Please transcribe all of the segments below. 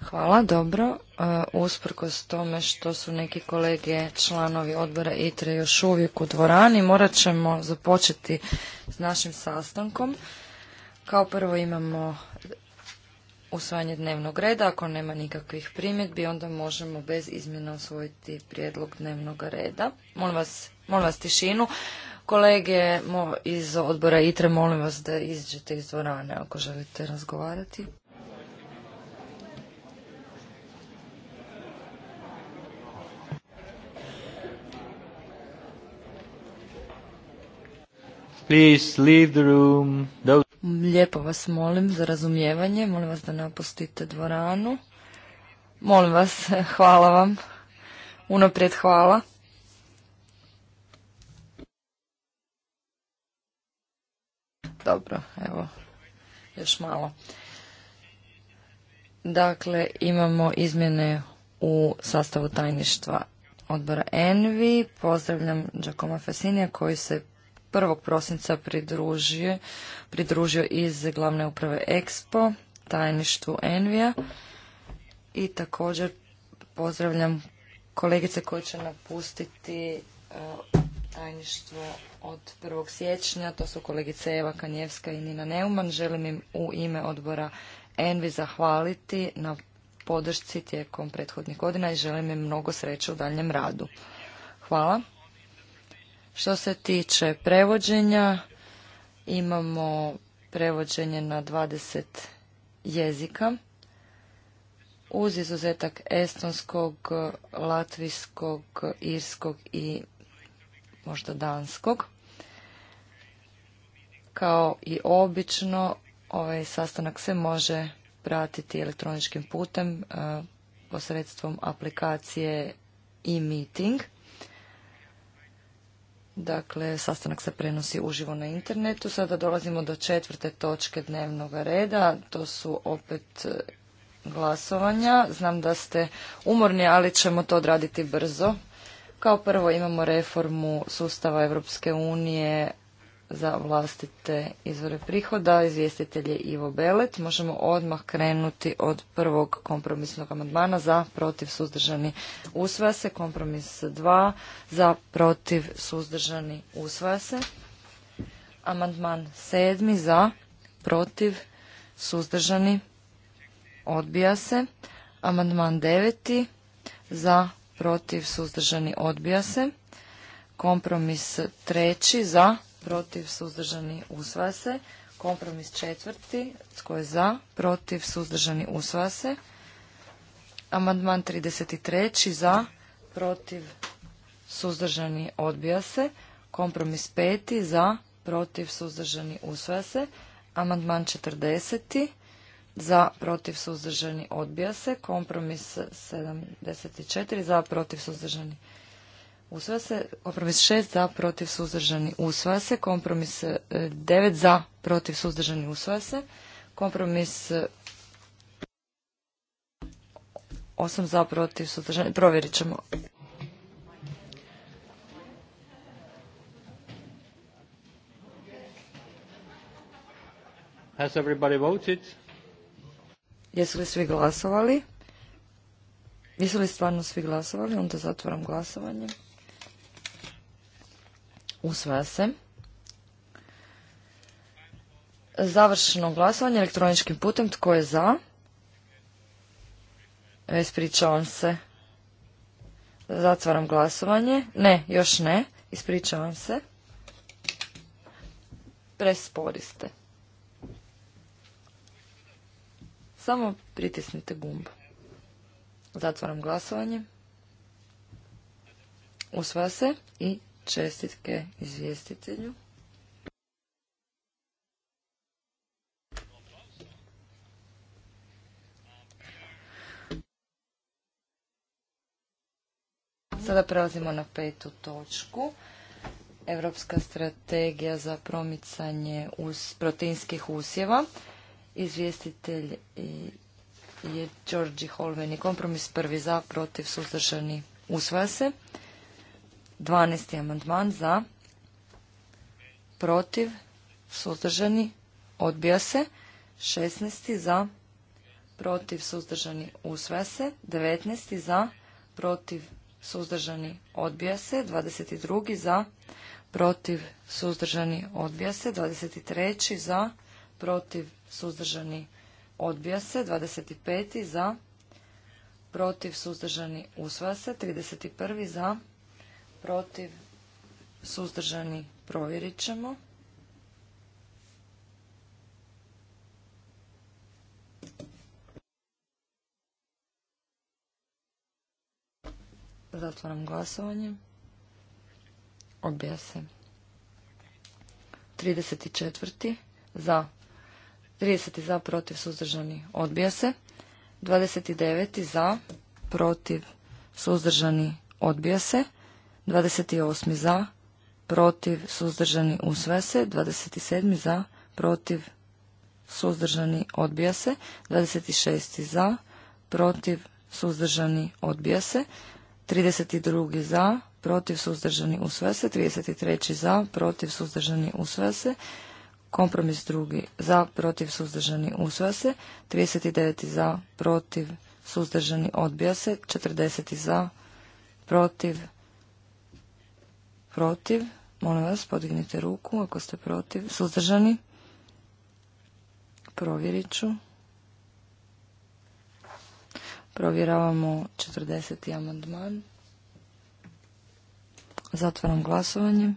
Hvala, dobro. E, usprkos tome što su neki kolege članovi odbora ITRE još uvijek u dvorani, morat ćemo započeti s našim sastankom. Kao prvo imamo usvajanje dnevnog reda. Ako nema nikakvih primjedbi, onda možemo bez izmjena usvojiti prijedlog dnevnog reda. Molim vas, molim vas tišinu. Kolege iz odbora ITRE, molim vas da izđete iz dvorane ako želite razgovarati. Please leave the room. Lijepo vas molim za razumijevanje, molim vas da napustite dvoranu. Molim vas, hvala vam. Unaprijed hvala. Dobro, evo, još malo. Dakle, imamo izmjene u sastavu tajništva odbora Envi. Pozdravljam Giacomo Fasinija koji se 1. prosinca pridružio, iz glavne uprave EXPO, tajništvu Envija i također pozdravljam kolegice koje će napustiti e, tajništvo od 1. siječnja. To su kolegice Eva Kanjevska i Nina Neuman. Želim im u ime odbora Envi zahvaliti na podršci tijekom prethodnih godina i želim im mnogo sreće u daljem radu. Hvala. Što se tiče prevođenja, imamo prevođenje na 20 jezika uz izuzetak estonskog, latvijskog, irskog i možda danskog. Kao i obično, ovaj sastanak se može pratiti elektroničkim putem eh, posredstvom aplikacije e-meeting. Dakle, sastanak se prenosi uživo na internetu. Sada dolazimo do četvrte točke dnevnog reda. To su opet e, glasovanja. Znam da ste umorni, ali ćemo to odraditi brzo. Kao prvo imamo reformu sustava Europske unije za vlastite izvore prihoda. Izvjestitelj je Ivo Belet. Možemo odmah krenuti od prvog kompromisnog amandmana za protiv suzdržani usvaja se. Kompromis dva za protiv suzdržani usvaja se. Amandman sedmi za protiv suzdržani odbija se. Amandman 9 za protiv suzdržani odbija se. Kompromis treći za protiv, suzdržani, usvaja se. Kompromis četvrti, tko je za, protiv, suzdržani, usvaja se. Amandman 33. za, protiv, suzdržani, odbija se. Kompromis peti, za, protiv, suzdržani, usvaja se. Amandman 40. za, protiv, suzdržani, odbija se. Kompromis 74. za, protiv, suzdržani, usvaja se. Kompromis 6 za, protiv, suzdržani, usvaja se. Kompromis e, devet za, protiv, suzdržani, usvaja se. Kompromis e, osam za, protiv, suzdržani, provjerit ćemo. Has everybody voted? Jesu li svi glasovali? Jesu li stvarno svi glasovali? Onda zatvoram glasovanje. Usvaja se. Završeno glasovanje elektroničkim putem. Tko je za? Ispričavam se. Zatvaram glasovanje. Ne, još ne. Ispričavam se. Prespori ste. Samo pritisnite gumb. Zatvaram glasovanje. Usvaja se i Čestitke izvjestitelju. Sada prelazimo na petu točku. Europska strategija za promicanje us, proteinskih usjeva. Izvjestitelj je Đorđi Holveni. Kompromis prvi za, protiv, suzdržani, usvaja se. 12. amandman za, protiv, suzdržani, odbija se. 16. za, protiv, suzdržani, usvaja se. 19. za, protiv, suzdržani, odbija se. 22. za, protiv, suzdržani, odbija se. 23. za, protiv, suzdržani, odbija se. 25. za, protiv, suzdržani, usvaja se. 31. za, protiv, suzdržani, provjerit ćemo. Zatvaram glasovanje. Odbija se. 34. za. 30. za, protiv, suzdržani. Odbija se. 29. za, protiv, suzdržani. Odbija se. 28. za, protiv, suzdržani, usve se. 27. za, protiv, suzdržani, odbija se. 26. za, protiv, suzdržani, odbija se. 32. za, protiv, suzdržani, usvaja se. 33. za, protiv, suzdržani, usvaja se. Kompromis drugi za, protiv, suzdržani, usvaja se. 39. za, protiv, suzdržani, odbija se. 40. za, protiv, protiv? Molim vas, podignite ruku ako ste protiv. Suzdržani? Provjerit ću. Provjeravamo 40. amandman. Zatvaram glasovanje.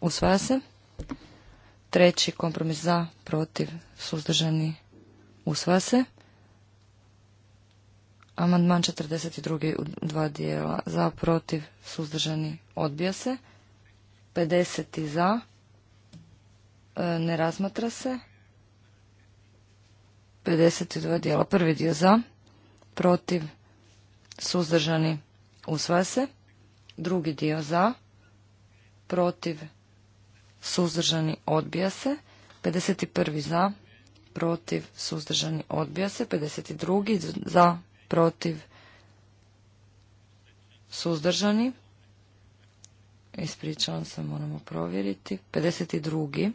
Usvaja se. Treći kompromis za, protiv, suzdržani. Usvaja se. Amandman 42. u dva dijela. Za, protiv, suzdržani, odbija se. 50. za, e, ne razmatra se. 52 dijela. Prvi dio za, protiv, suzdržani, usvaja se. Drugi dio za, protiv, suzdržani, odbija se. 51. za, protiv, suzdržani, odbija se. 52. za, protiv, suzdržani. Ispričavam se, moramo provjeriti. 52.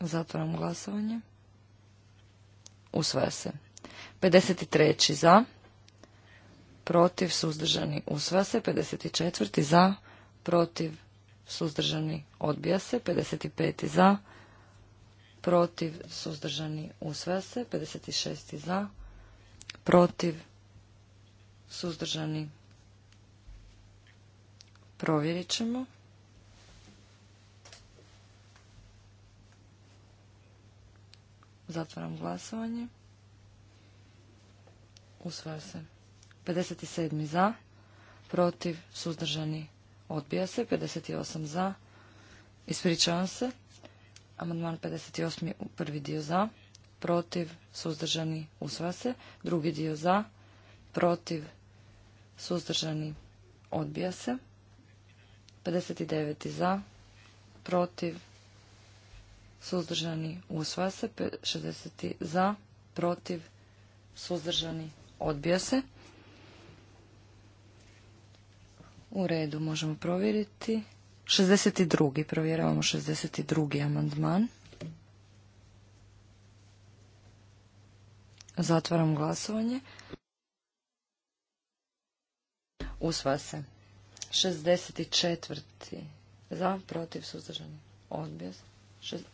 Zatvoram glasovanje. Usvaja se. 53. za. Protiv, suzdržani. Usvaja se. 54. za. Protiv, suzdržani, odbija se. 55. za, protiv, suzdržani, usvaja se. 56. za, protiv, suzdržani, provjerit ćemo. Zatvaram glasovanje. Usvaja se. 57. za, protiv, suzdržani, Odbija se. 58 za. Ispričavam se. Amandman 58 je prvi dio za. Protiv. Suzdržani. Usvaja se. Drugi dio za. Protiv. Suzdržani. Odbija se. 59 za. Protiv. Suzdržani. Usvaja se. 60 za. Protiv. Suzdržani. Odbija se. U redu, možemo provjeriti. 62. Provjeravamo 62. amandman. Zatvaram glasovanje. Usva se. 64. Za, protiv, suzdržani. Odbija se.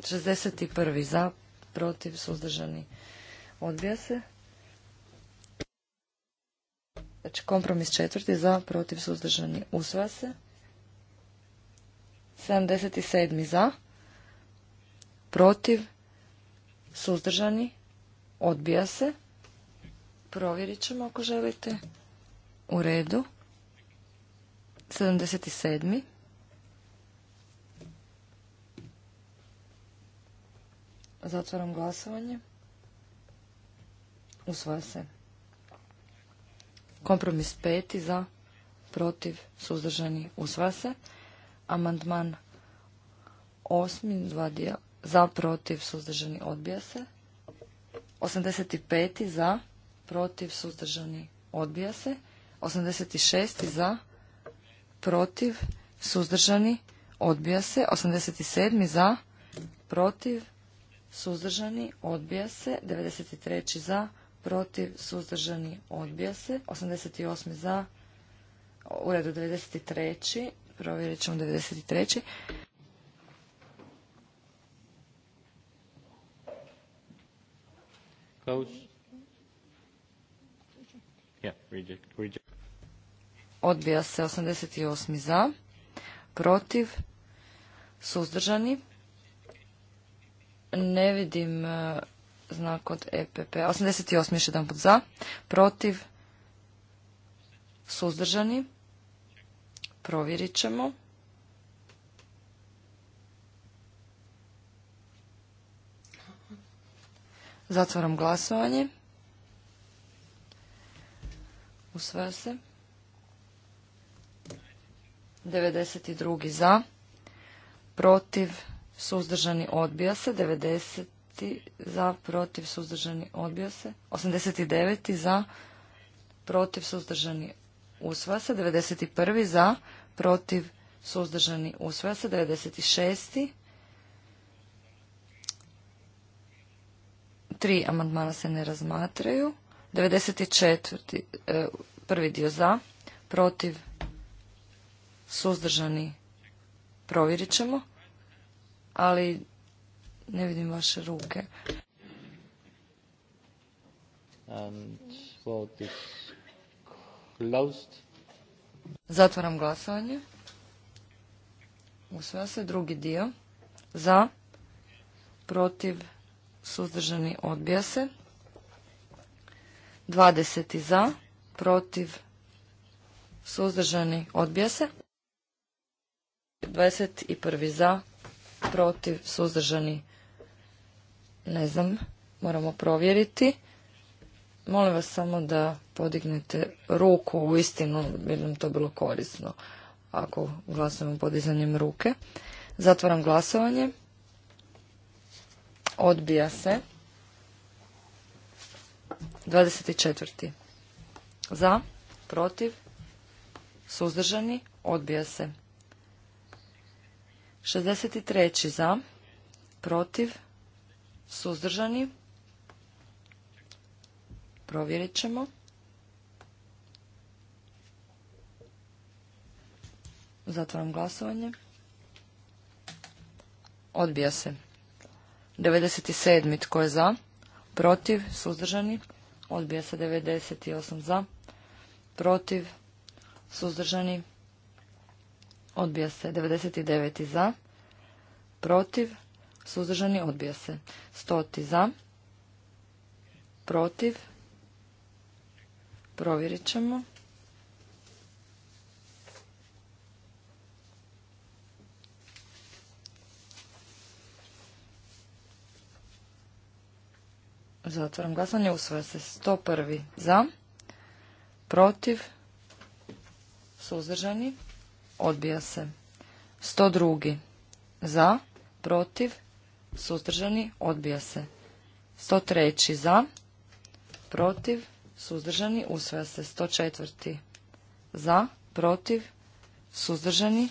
61. Za, protiv, suzdržani. Odbija se. Znači kompromis četvrti za, protiv, suzdržani, usvaja se. 77. za, protiv, suzdržani, odbija se. Provjerit ćemo ako želite. U redu. 77. Zatvaram glasovanje. Usvaja se. Kompromis peti za, protiv, suzdržani, usva se. Amandman osmi, dva za, protiv, suzdržani, odbija se. 85. za, protiv, suzdržani, odbija se. 86. za, protiv, suzdržani, odbija se. 87. za, protiv, suzdržani, odbija se. 93. za, protiv, suzdržani, odbija se. 88 za, u redu 93. Provjerit ćemo 93. Odbija se 88 za, protiv, suzdržani. Ne vidim znak od EPP. 88 još jedan put za, protiv, suzdržani. Provjerit ćemo. Zatvaram glasovanje. Usvaja se. 92 za, protiv, suzdržani odbija se. 90 za, protiv, suzdržani, odbio se. 89. za, protiv, suzdržani, usvaja se. 91. za, protiv, suzdržani, usvaja se. 96. Tri amandmana se ne razmatraju. 94. E, prvi dio za, protiv, suzdržani, provjerit ćemo ali ne vidim vaše ruke. And Zatvaram glasovanje. Usvaja se drugi dio. Za, protiv, suzdržani odbija se. 20 za, protiv, suzdržani odbija se. 21 za, protiv, suzdržani ne znam, moramo provjeriti. Molim vas samo da podignete ruku, u istinu bi nam to bilo korisno ako glasujemo podizanjem ruke. Zatvaram glasovanje. Odbija se. 24. Za, protiv, suzdržani, odbija se. 63. Za, protiv, Suzdržani? Provjerit ćemo. Zatvaram glasovanje. Odbija se. 97. Tko je za? Protiv? Suzdržani? Odbija se 98 za. Protiv? Suzdržani? Odbija se 99 za. Protiv? Suzdržani odbija se. Stoti za. Protiv. Provjerit ćemo. Zatvaram glasanje. Usvoja se 101. Za. Protiv. Suzdržani. Odbija se. 102. Za. Protiv suzdržani, odbija se. 103. za, protiv, suzdržani, usvaja se. 104. za, protiv, suzdržani,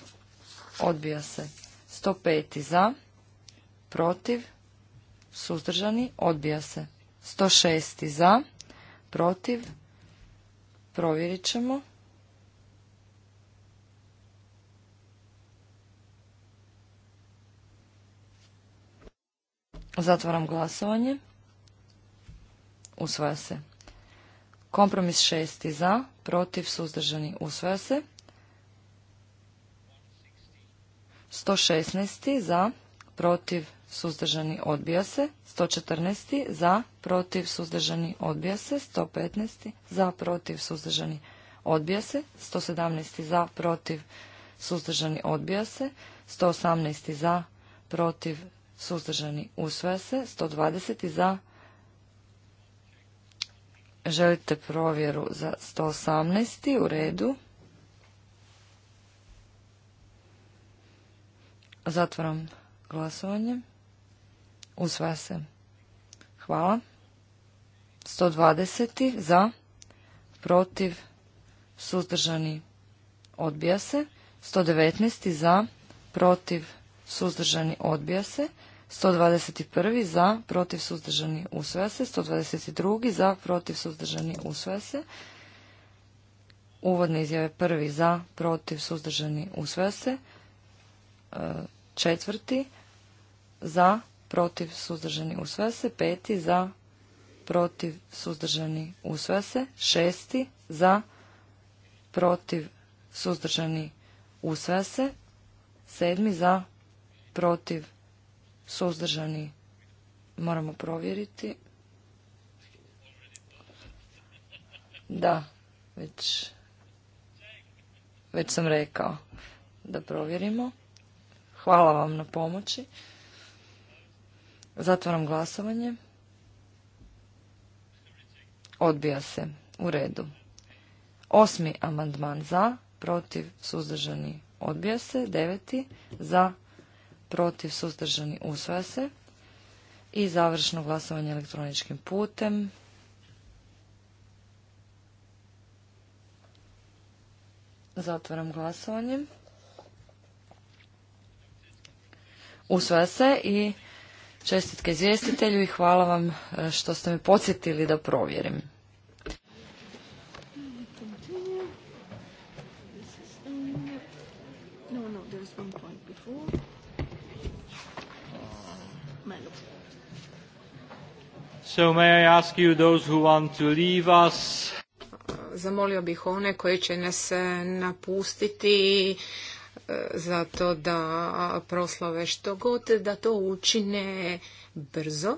odbija se. 105. za, protiv, suzdržani, odbija se. 106. za, protiv, provjerit ćemo. Zatvaram glasovanje. Usvaja se. Kompromis šesti za, protiv, suzdržani, usvaja se. 116. za, protiv, suzdržani, odbija se. 114. za, protiv, suzdržani, odbija se. 115. za, protiv, suzdržani, odbija se. 117. za, protiv, suzdržani, odbija se. 118. za, protiv, suzdržani, usvaja se. 120 za, želite provjeru za 118. u redu. Zatvaram glasovanje. Usvaja se. Hvala. 120. za, protiv, suzdržani, odbija se. 119. za, protiv, suzdržani, odbija se. 121. za, protiv, suzdržani, usvaja se. 122. za, protiv, suzdržani, usvaja se. Uvodne izjave prvi za, protiv, suzdržani, usvaja se. E, četvrti za, protiv, suzdržani, usvaja se. Peti za, protiv, suzdržani, usvaja se. Šesti za, protiv, suzdržani, usvaja se. Sedmi za, protiv, suzdržani moramo provjeriti. Da, već, već sam rekao da provjerimo. Hvala vam na pomoći. Zatvaram glasovanje. Odbija se. U redu. Osmi amandman za, protiv, suzdržani, odbija se. Deveti za, protiv, suzdržani, usvaja se. I završno glasovanje elektroničkim putem. Zatvaram glasovanje. Usvaja se i čestitke izvjestitelju i hvala vam eh, što ste me podsjetili da provjerim. Zamolio bih one koji će nas e, napustiti e, zato da proslave što god, da to učine brzo.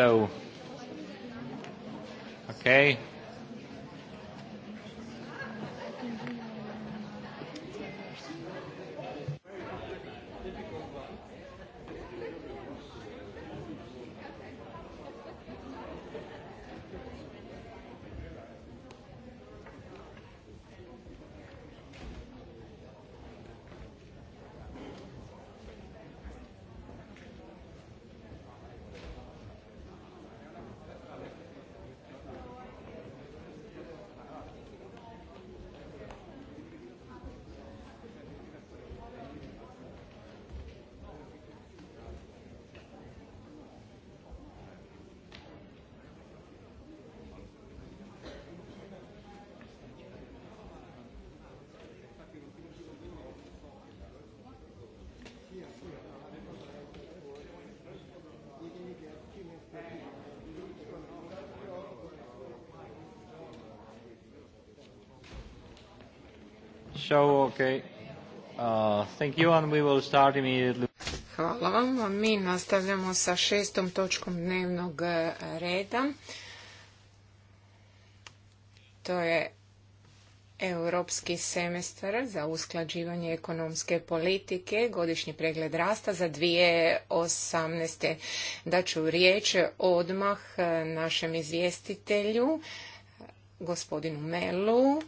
So, okay. Hvala vam. Mi nastavljamo sa šestom točkom dnevnog e, reda. To je Europski semestar za usklađivanje ekonomske politike, godišnji pregled rasta za 2018. Daću riječ odmah e, našem izvjestitelju, gospodinu Melu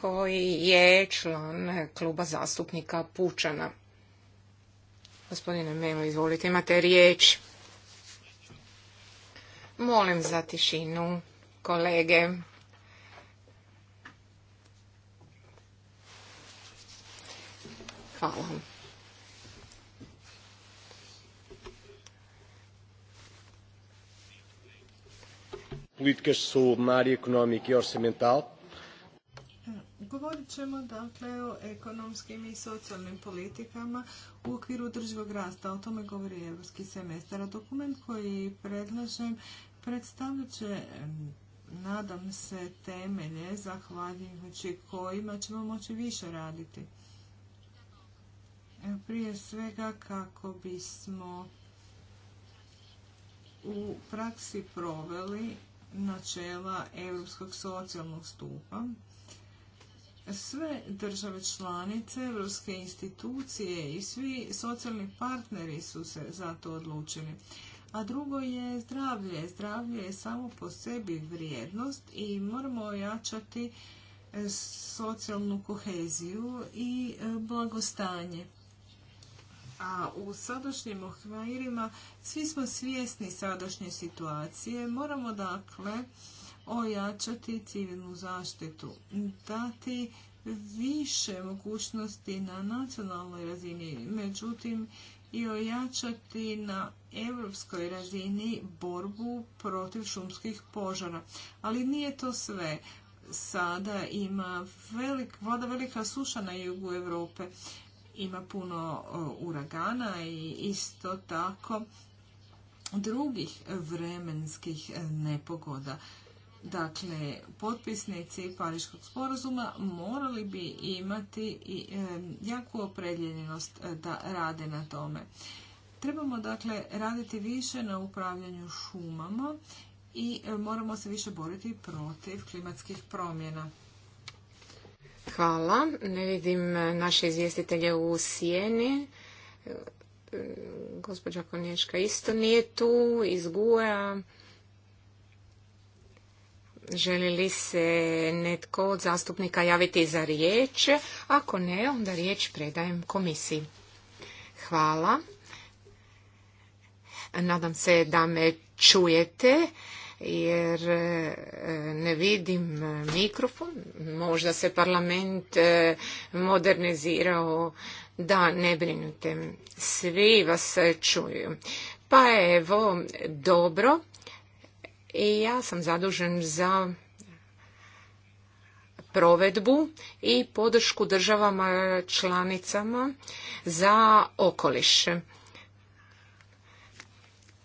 koji je član kluba zastupnika Pučana. Gospodine Memo, izvolite, imate riječ. Molim za tišinu, kolege. Hvala. vam. Politika su na i i e Govorit ćemo dakle o ekonomskim i socijalnim politikama u okviru održivog rasta. O tome govori Europski semestar. A dokument koji predlažem predstavljat će, nadam se, temelje zahvaljujući kojima ćemo moći više raditi. Prije svega kako bismo u praksi proveli načela Europskog socijalnog stupa, sve države članice, europske institucije i svi socijalni partneri su se za to odlučili. A drugo je zdravlje. Zdravlje je samo po sebi vrijednost i moramo ojačati socijalnu koheziju i e, blagostanje. A u sadašnjim okvirima svi smo svjesni sadašnje situacije. Moramo dakle ojačati civilnu zaštitu, dati više mogućnosti na nacionalnoj razini, međutim i ojačati na europskoj razini borbu protiv šumskih požara. Ali nije to sve. Sada ima velik, voda velika suša na jugu Europe. Ima puno uragana i isto tako drugih vremenskih nepogoda. Dakle, potpisnici Pariškog sporazuma morali bi imati i e, jaku opredjeljenost e, da rade na tome. Trebamo dakle raditi više na upravljanju šumama i e, moramo se više boriti protiv klimatskih promjena. Hvala. Ne vidim naše izvjestitelje u sjeni. Gospođa Konješka isto nije tu, iz Želi li se netko od zastupnika javiti za riječ? Ako ne, onda riječ predajem komisiji. Hvala. Nadam se da me čujete jer e, ne vidim mikrofon. Možda se parlament e, modernizirao da ne brinute. Svi vas čuju. Pa evo, dobro i ja sam zadužen za provedbu i podršku državama članicama za okoliš.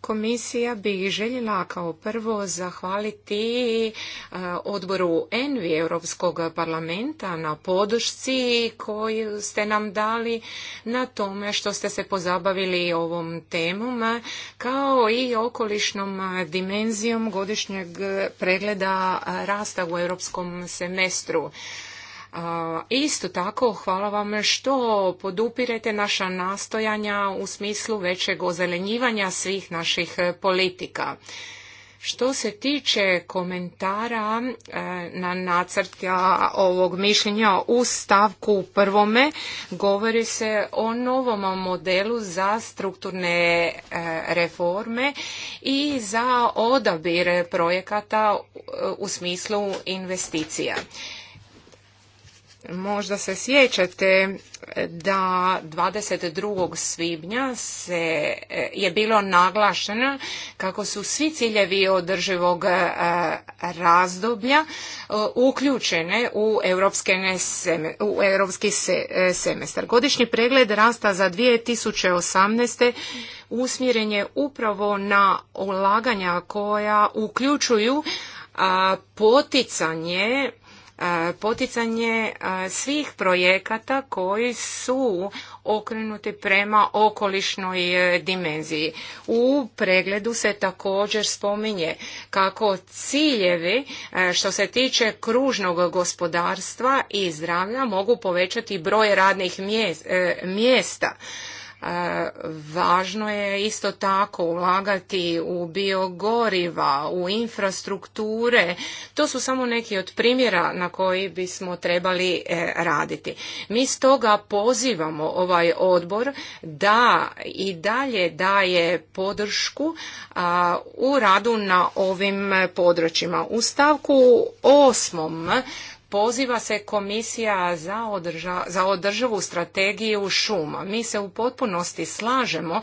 Komisija bi željela kao prvo zahvaliti e, odboru Envi Europskog parlamenta na podršci koju ste nam dali na tome što ste se pozabavili ovom temom kao i okolišnom dimenzijom godišnjeg pregleda rasta u europskom semestru. Isto tako, hvala vam što podupirete naša nastojanja u smislu većeg ozelenjivanja svih naših e, politika. Što se tiče komentara e, na nacrtja ovog mišljenja u stavku prvome, govori se o novom modelu za strukturne e, reforme i za odabire projekata u smislu investicija. Možda se sjećate da 22. svibnja se e, je bilo naglašeno kako su svi ciljevi održivog e, razdoblja e, uključene u, u europski semestar. Godišnji pregled rasta za 2018. usmjeren je upravo na ulaganja koja uključuju poticanje poticanje svih projekata koji su okrenuti prema okolišnoj e, dimenziji. U pregledu se također spominje kako ciljevi e, što se tiče kružnog gospodarstva i zdravlja mogu povećati broj radnih e, mjesta Važno je isto tako ulagati u biogoriva, u infrastrukture. To su samo neki od primjera na koji bismo trebali e, raditi. Mi stoga pozivamo ovaj odbor da i dalje daje podršku u radu na ovim područjima. U stavku osmom poziva se komisija za, održa, za održavu strategiju šuma. Mi se u potpunosti slažemo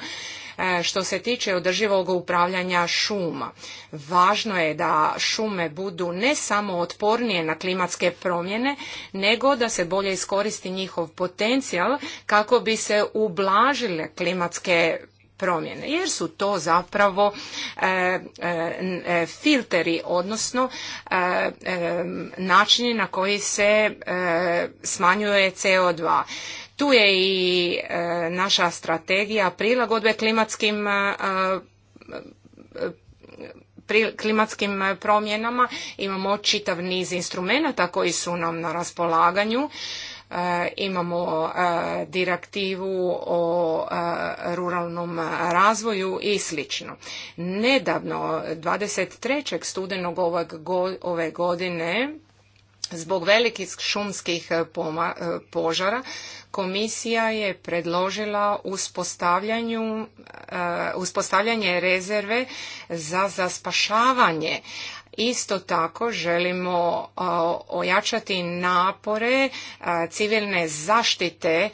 e, što se tiče održivog upravljanja šuma. Važno je da šume budu ne samo otpornije na klimatske promjene, nego da se bolje iskoristi njihov potencijal kako bi se ublažile klimatske promjene jer su to zapravo e, e, e, filteri odnosno načini na koji se smanjuje CO2 tu je i naša strategija prilagodbe klimatskim klimatskim promjenama imamo čitav niz instrumenata koji su nam na raspolaganju Eh, imamo eh, direktivu o eh, ruralnom razvoju i slično. Nedavno, 23. studenog ove godine, zbog velikih šumskih požara, komisija je predložila uspostavljanje rezerve za, za Isto tako želimo ojačati napore civilne zaštite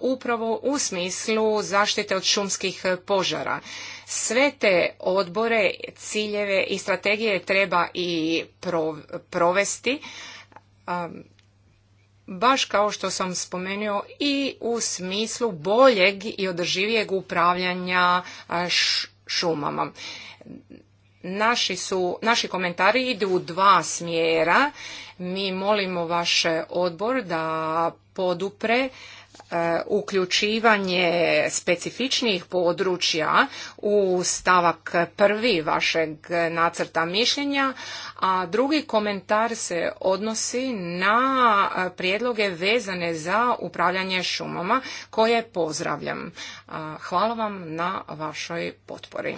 upravo u smislu zaštite od šumskih požara. Sve te odbore, ciljeve i strategije treba i provesti baš kao što sam spomenuo i u smislu boljeg i održivijeg upravljanja šumama. Naši, su, naši komentari idu u dva smjera. Mi molimo vaš odbor da podupre e, uključivanje specifičnih područja u stavak prvi vašeg nacrta mišljenja, a drugi komentar se odnosi na prijedloge vezane za upravljanje šumama koje pozdravljam. Hvala vam na vašoj potpori.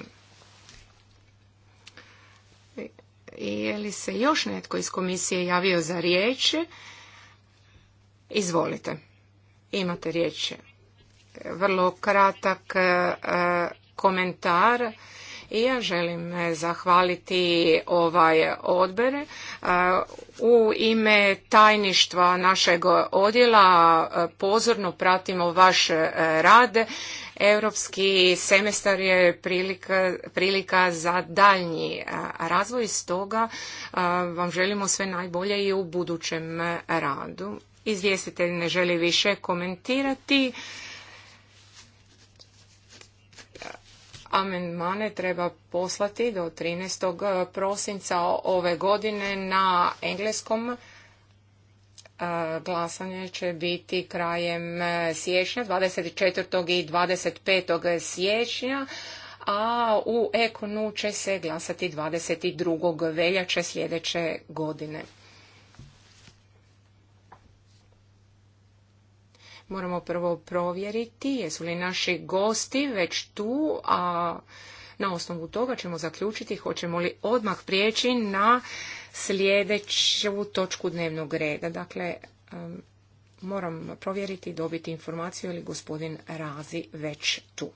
je li se još netko iz komisije javio za riječ? Izvolite. Imate riječ. Vrlo kratak e, komentar i ja želim e, zahvaliti ovaj odbere u ime tajništva našeg odjela e, pozorno pratimo vaš e, rad. Europski semestar je prilika, prilika za daljnji razvoj, stoga vam želimo sve najbolje i u budućem radu. Izvjestitelj ne želi više komentirati. Amendmane treba poslati do 13. prosinca ove godine na engleskom. E, glasanje će biti krajem e, siječnja, 24. i 25. siječnja a u Ekonu će se glasati 22. veljače sljedeće godine. Moramo prvo provjeriti jesu li naši gosti već tu, a na osnovu toga ćemo zaključiti hoćemo li odmah prijeći na sljedeću točku dnevnog reda. Dakle, moram provjeriti i dobiti informaciju je li gospodin Razi već tu.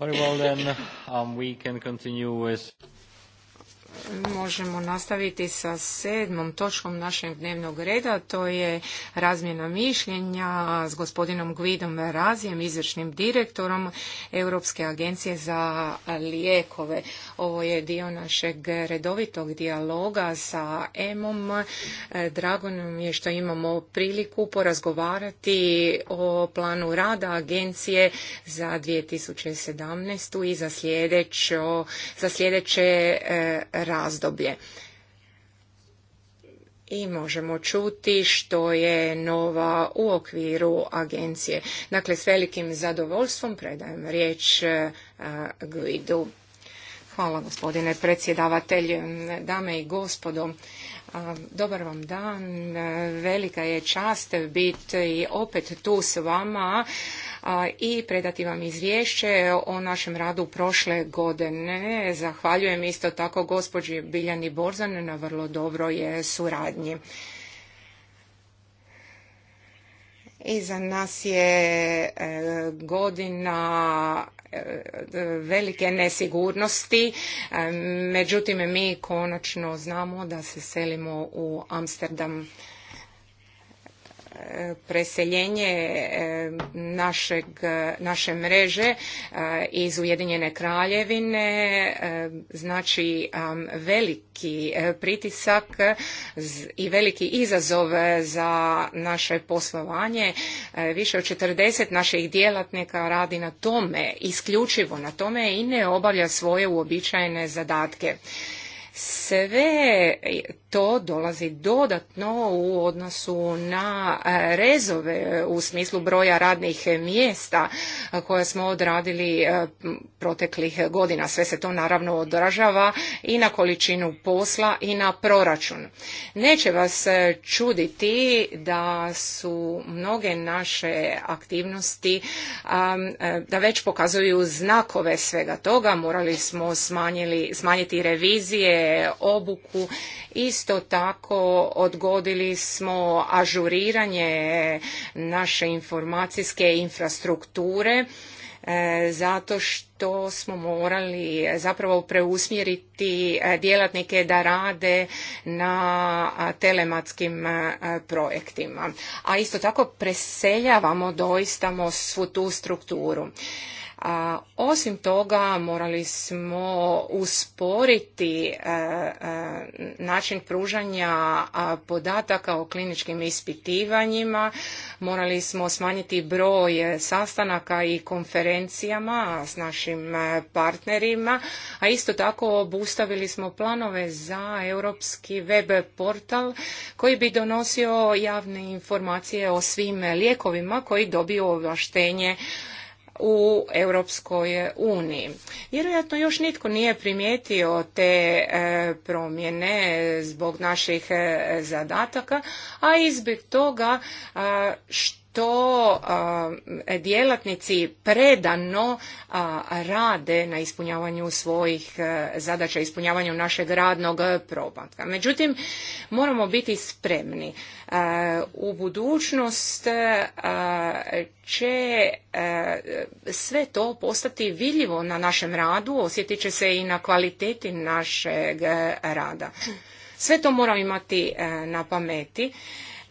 Very well then, um, we can continue with možemo nastaviti sa sedmom točkom našeg dnevnog reda, to je razmjena mišljenja s gospodinom Gvidom Razijem, izvršnim direktorom Europske agencije za lijekove. Ovo je dio našeg redovitog dijaloga sa EMOM. Drago nam je što imamo priliku porazgovarati o planu rada agencije za 2017. i za sljedeće, za sljedeće e, razdoblje i možemo čuti što je nova u okviru agencije. Dakle, s velikim zadovoljstvom predajem riječ e, Guidu. Hvala gospodine predsjedavatelj, dame i gospodo. E, dobar vam dan, velika je čast biti opet tu s vama i predati vam izvješće o našem radu prošle godine. Zahvaljujem isto tako gospođi Biljani Borzan na vrlo dobroj e, suradnji. Iza nas je e, godina e, velike nesigurnosti, međutim mi konačno znamo da se selimo u Amsterdam preseljenje e, naše mreže e, iz Ujedinjene kraljevine e, znači veliki pritisak i veliki izazov za naše poslovanje. Više od 40 naših djelatnika radi na tome, isključivo na tome i ne obavlja svoje uobičajene zadatke. Sve to dolazi dodatno u odnosu na e, rezove u smislu broja radnih mjesta koje smo odradili e, proteklih godina. Sve se to naravno odražava i na količinu posla i na proračun. Neće vas e, čuditi da su mnoge naše aktivnosti da već pokazuju znakove svega toga. Morali smo smanjili, smanjiti revizije, obuku i Isto tako odgodili smo ažuriranje naše informacijske infrastrukture e, zato što smo morali zapravo preusmjeriti e, djelatnike da rade na telematskim e, projektima. A isto tako preseljavamo doista svu tu strukturu. A osim toga morali smo usporiti e, e, način pružanja podataka o kliničkim ispitivanjima, morali smo smanjiti broj sastanaka i konferencijama s našim e, partnerima, a isto tako obustavili smo planove za europski web portal koji bi donosio javne informacije o svim lijekovima koji dobiju ovlaštenje u Europskoj uniji. Vjerojatno još nitko nije primijetio te e, promjene zbog naših e, zadataka, a izbjeg toga što to djelatnici predano rade na ispunjavanju svojih e, zadaća, ispunjavanju našeg radnog probatka. Međutim, moramo biti spremni. E, u budućnost e, će sve to postati vidljivo na našem radu, osjetit će se i na kvaliteti našeg rada. Sve to moramo imati na pameti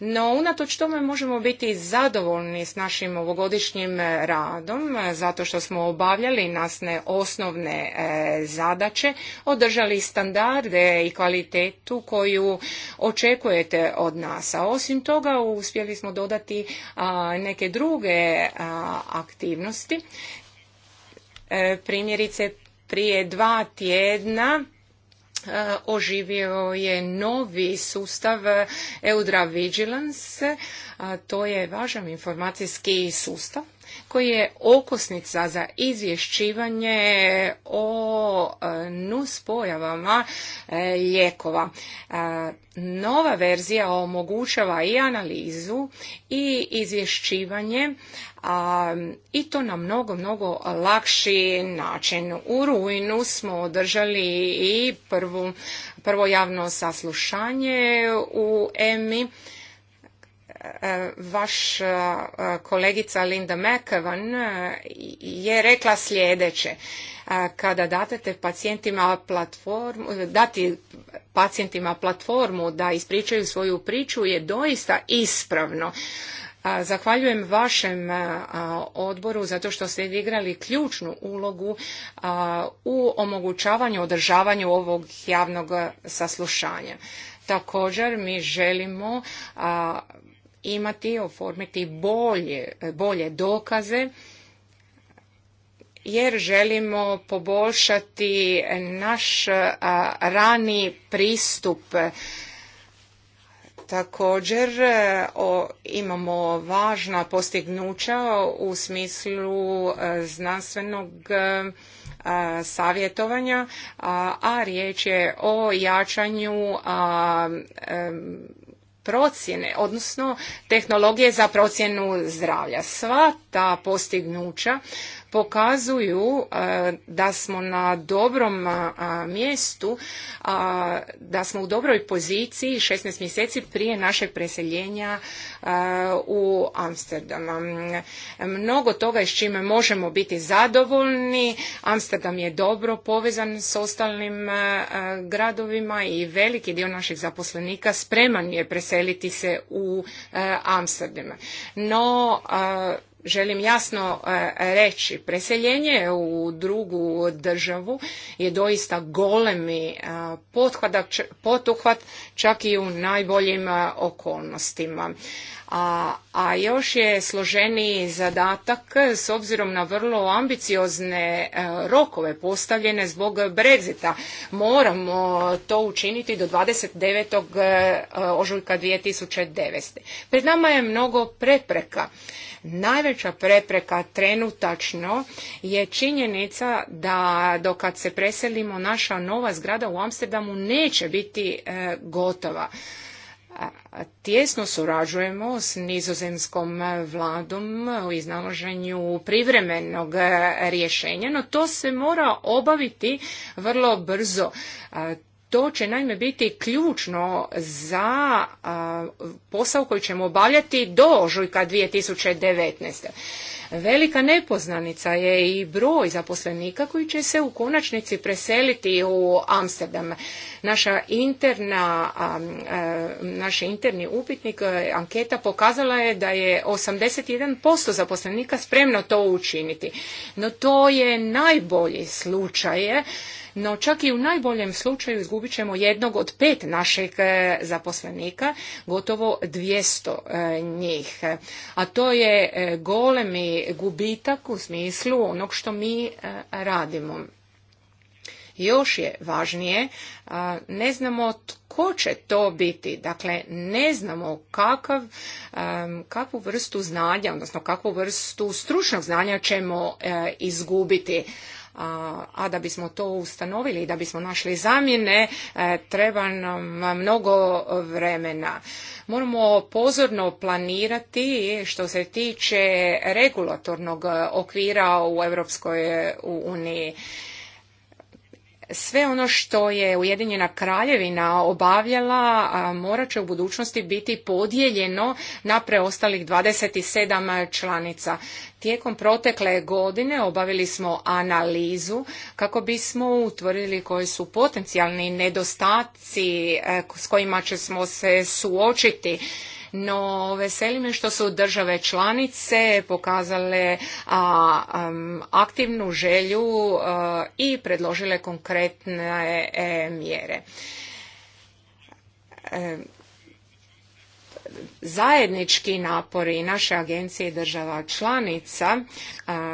no, unatoč tome možemo biti zadovoljni s našim ovogodišnjim radom, e, zato što smo obavljali nasne osnovne e, zadaće, održali standarde i kvalitetu koju očekujete od nas. A osim toga, uspjeli smo dodati neke druge aktivnosti. E, primjerice, prije dva tjedna Eh, oživio je novi sustav eh, Eudra Vigilance. To je važan informacijski sustav koji je okosnica za izvješćivanje o e, nuspojavama e, lijekova. E, nova verzija omogućava i analizu i izvješćivanje i to na mnogo, mnogo lakši način. U rujnu smo održali i prvo javno saslušanje u EMI vaša eh, kolegica Linda McEwan eh, je rekla sljedeće. Eh, kada date pacijentima platformu, dati pacijentima platformu da ispričaju svoju priču je doista ispravno. Zahvaljujem vašem odboru zato što ste igrali ključnu ulogu u omogućavanju održavanju ovog javnog saslušanja. Također mi želimo imati, oformiti bolje, bolje dokaze jer želimo poboljšati naš rani pristup također imamo važna postignuća u smislu znanstvenog savjetovanja, a riječ je o jačanju procjene, odnosno tehnologije za procjenu zdravlja. Sva ta postignuća pokazuju e, da smo na dobrom e, mjestu, da smo u dobroj poziciji 16 mjeseci prije našeg preseljenja e, u Amsterdama. Mnogo toga s čime možemo biti zadovoljni. Amsterdam je dobro povezan s ostalim gradovima i veliki dio naših zaposlenika spreman je preseliti se u Amsterdam. No, želim jasno e, reći, preseljenje u drugu državu je doista golemi e, potuhvat čak i u najboljim e, okolnostima. A, a još je složeniji zadatak s obzirom na vrlo ambiciozne rokove postavljene zbog Brexita. Moramo to učiniti do 29. ožujka 2009. Pred nama je mnogo prepreka. Najveća najveća prepreka trenutačno je činjenica da dokad se preselimo naša nova zgrada u Amsterdamu neće biti e, gotova. Tjesno surađujemo s nizozemskom vladom u iznaloženju privremenog e, rješenja, no to se mora obaviti vrlo brzo. To će naime biti ključno za posao koji ćemo obavljati do ožujka 2019. Velika nepoznanica je i broj zaposlenika koji će se u konačnici preseliti u Amsterdam. Naša interna, e, naš interni upitnik, e, anketa pokazala je da je 81% zaposlenika spremno to učiniti. No to je najbolji slučaj no čak i u najboljem slučaju izgubit ćemo jednog od pet naših e, zaposlenika, gotovo 200 e, njih. A to je e, golemi gubitak u smislu onog što mi radimo. Još je važnije, ne znamo tko će to biti, dakle ne znamo kakav, kakvu vrstu znanja, odnosno kakvu vrstu stručnog znanja ćemo izgubiti a da bismo to ustanovili i da bismo našli zamjene e, treba nam mnogo vremena. Moramo pozorno planirati što se tiče regulatornog okvira u Europskoj uniji sve ono što je Ujedinjena kraljevina obavljala morat će u budućnosti biti podijeljeno na preostalih 27 članica. Tijekom protekle godine obavili smo analizu kako bismo utvrdili koji su potencijalni nedostaci e, s kojima ćemo se suočiti no veseli me što su države članice pokazale aktivnu želju i predložile konkretne e, mjere. E, zajednički napori naše agencije država članica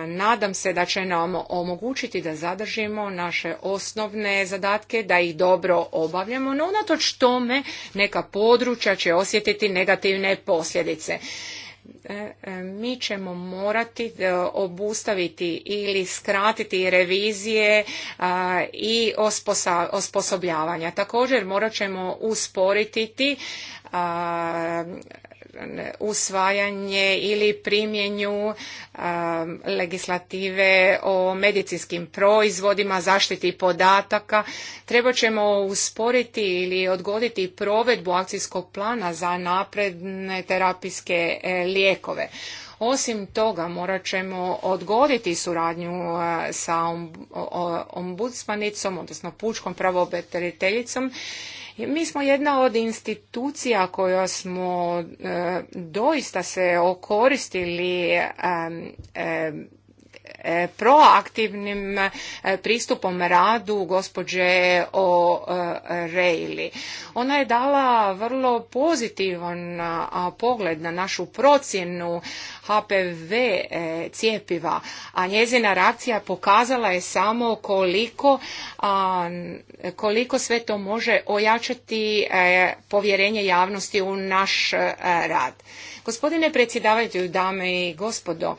nadam se da će nam omogućiti da zadržimo naše osnovne zadatke, da ih dobro obavljamo, no unatoč tome neka područja će osjetiti negativne posljedice. E, e, mi ćemo morati e, obustaviti ili skratiti revizije i osposobljavanja. Također morat ćemo usporiti usvajanje ili primjenju um, legislative o medicinskim proizvodima, zaštiti podataka. Treba ćemo usporiti ili odgoditi provedbu akcijskog plana za napredne terapijske e, lijekove. Osim toga, morat ćemo odgoditi suradnju e, sa ombudsmanicom, odnosno pučkom pravobraniteljicom mi smo jedna od institucija koja smo e, doista se okoristili E, proaktivnim e, pristupom radu gospođe o e, Ona je dala vrlo pozitivan pogled na našu procjenu HPV cijepiva, a njezina reakcija pokazala je samo koliko, koliko sve to može ojačati povjerenje javnosti u naš rad. Gospodine predsjedavatelju, dame i gospodo,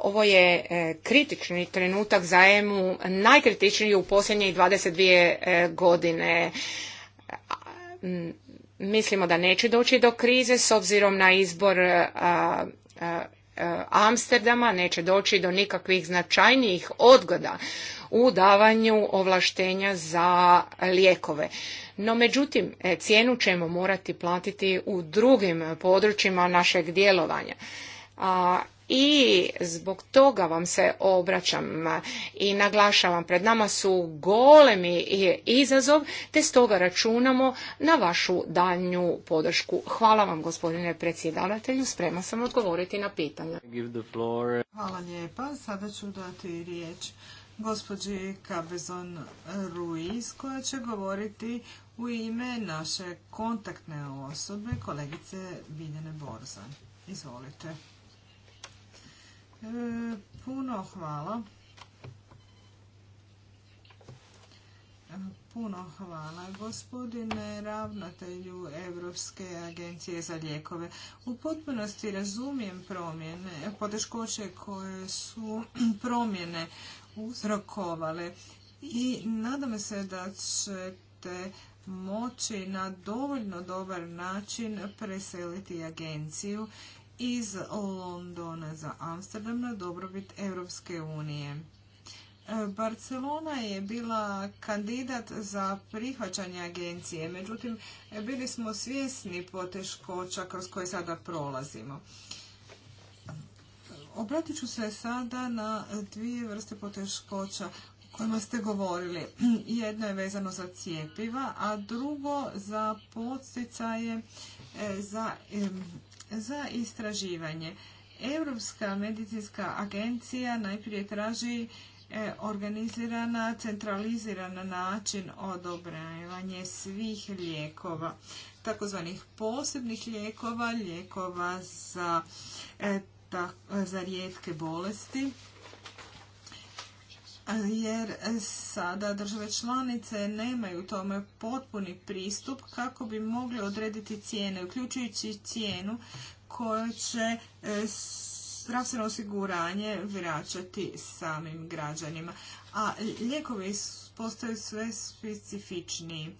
ovo je e, kritični trenutak za EMU, najkritičniji u posljednjih 22 e, godine. Mislimo da neće doći do krize s obzirom na izbor e, Amsterdama, neće doći do nikakvih značajnijih odgoda u davanju ovlaštenja za lijekove. No međutim, cijenu ćemo morati platiti u drugim područjima našeg djelovanja. A i zbog toga vam se obraćam i naglašavam pred nama su golemi izazov te stoga računamo na vašu daljnju podršku. Hvala vam gospodine predsjedavatelju, sprema sam odgovoriti na pitanja. Hvala lijepa, sada ću dati riječ gospođi Cabezon Ruiz koja će govoriti u ime naše kontaktne osobe, kolegice Biljane Borzan. Izvolite. E, puno hvala. E, puno hvala gospodine ravnatelju Europske agencije za lijekove. U potpunosti razumijem promjene, poteškoće koje su promjene uzrokovale i nadam se da ćete moći na dovoljno dobar način preseliti agenciju iz Londona za Amsterdam na dobrobit Europske unije. E, Barcelona je bila kandidat za prihvaćanje agencije, međutim bili smo svjesni poteškoća kroz koje sada prolazimo. Obratit ću se sada na dvije vrste poteškoća o kojima ste govorili. Jedno je vezano za cijepiva, a drugo za podsticaje e, za za istraživanje. Europska medicinska agencija najprije traži e, organizirana, centraliziran način odobravanje svih lijekova, takozvanih posebnih lijekova, lijekova za, e, za rijetke bolesti jer sada države članice nemaju tome potpuni pristup kako bi mogli odrediti cijene, uključujući cijenu koju će e, zdravstveno osiguranje vraćati samim građanima. A lijekovi postaju sve specifičniji.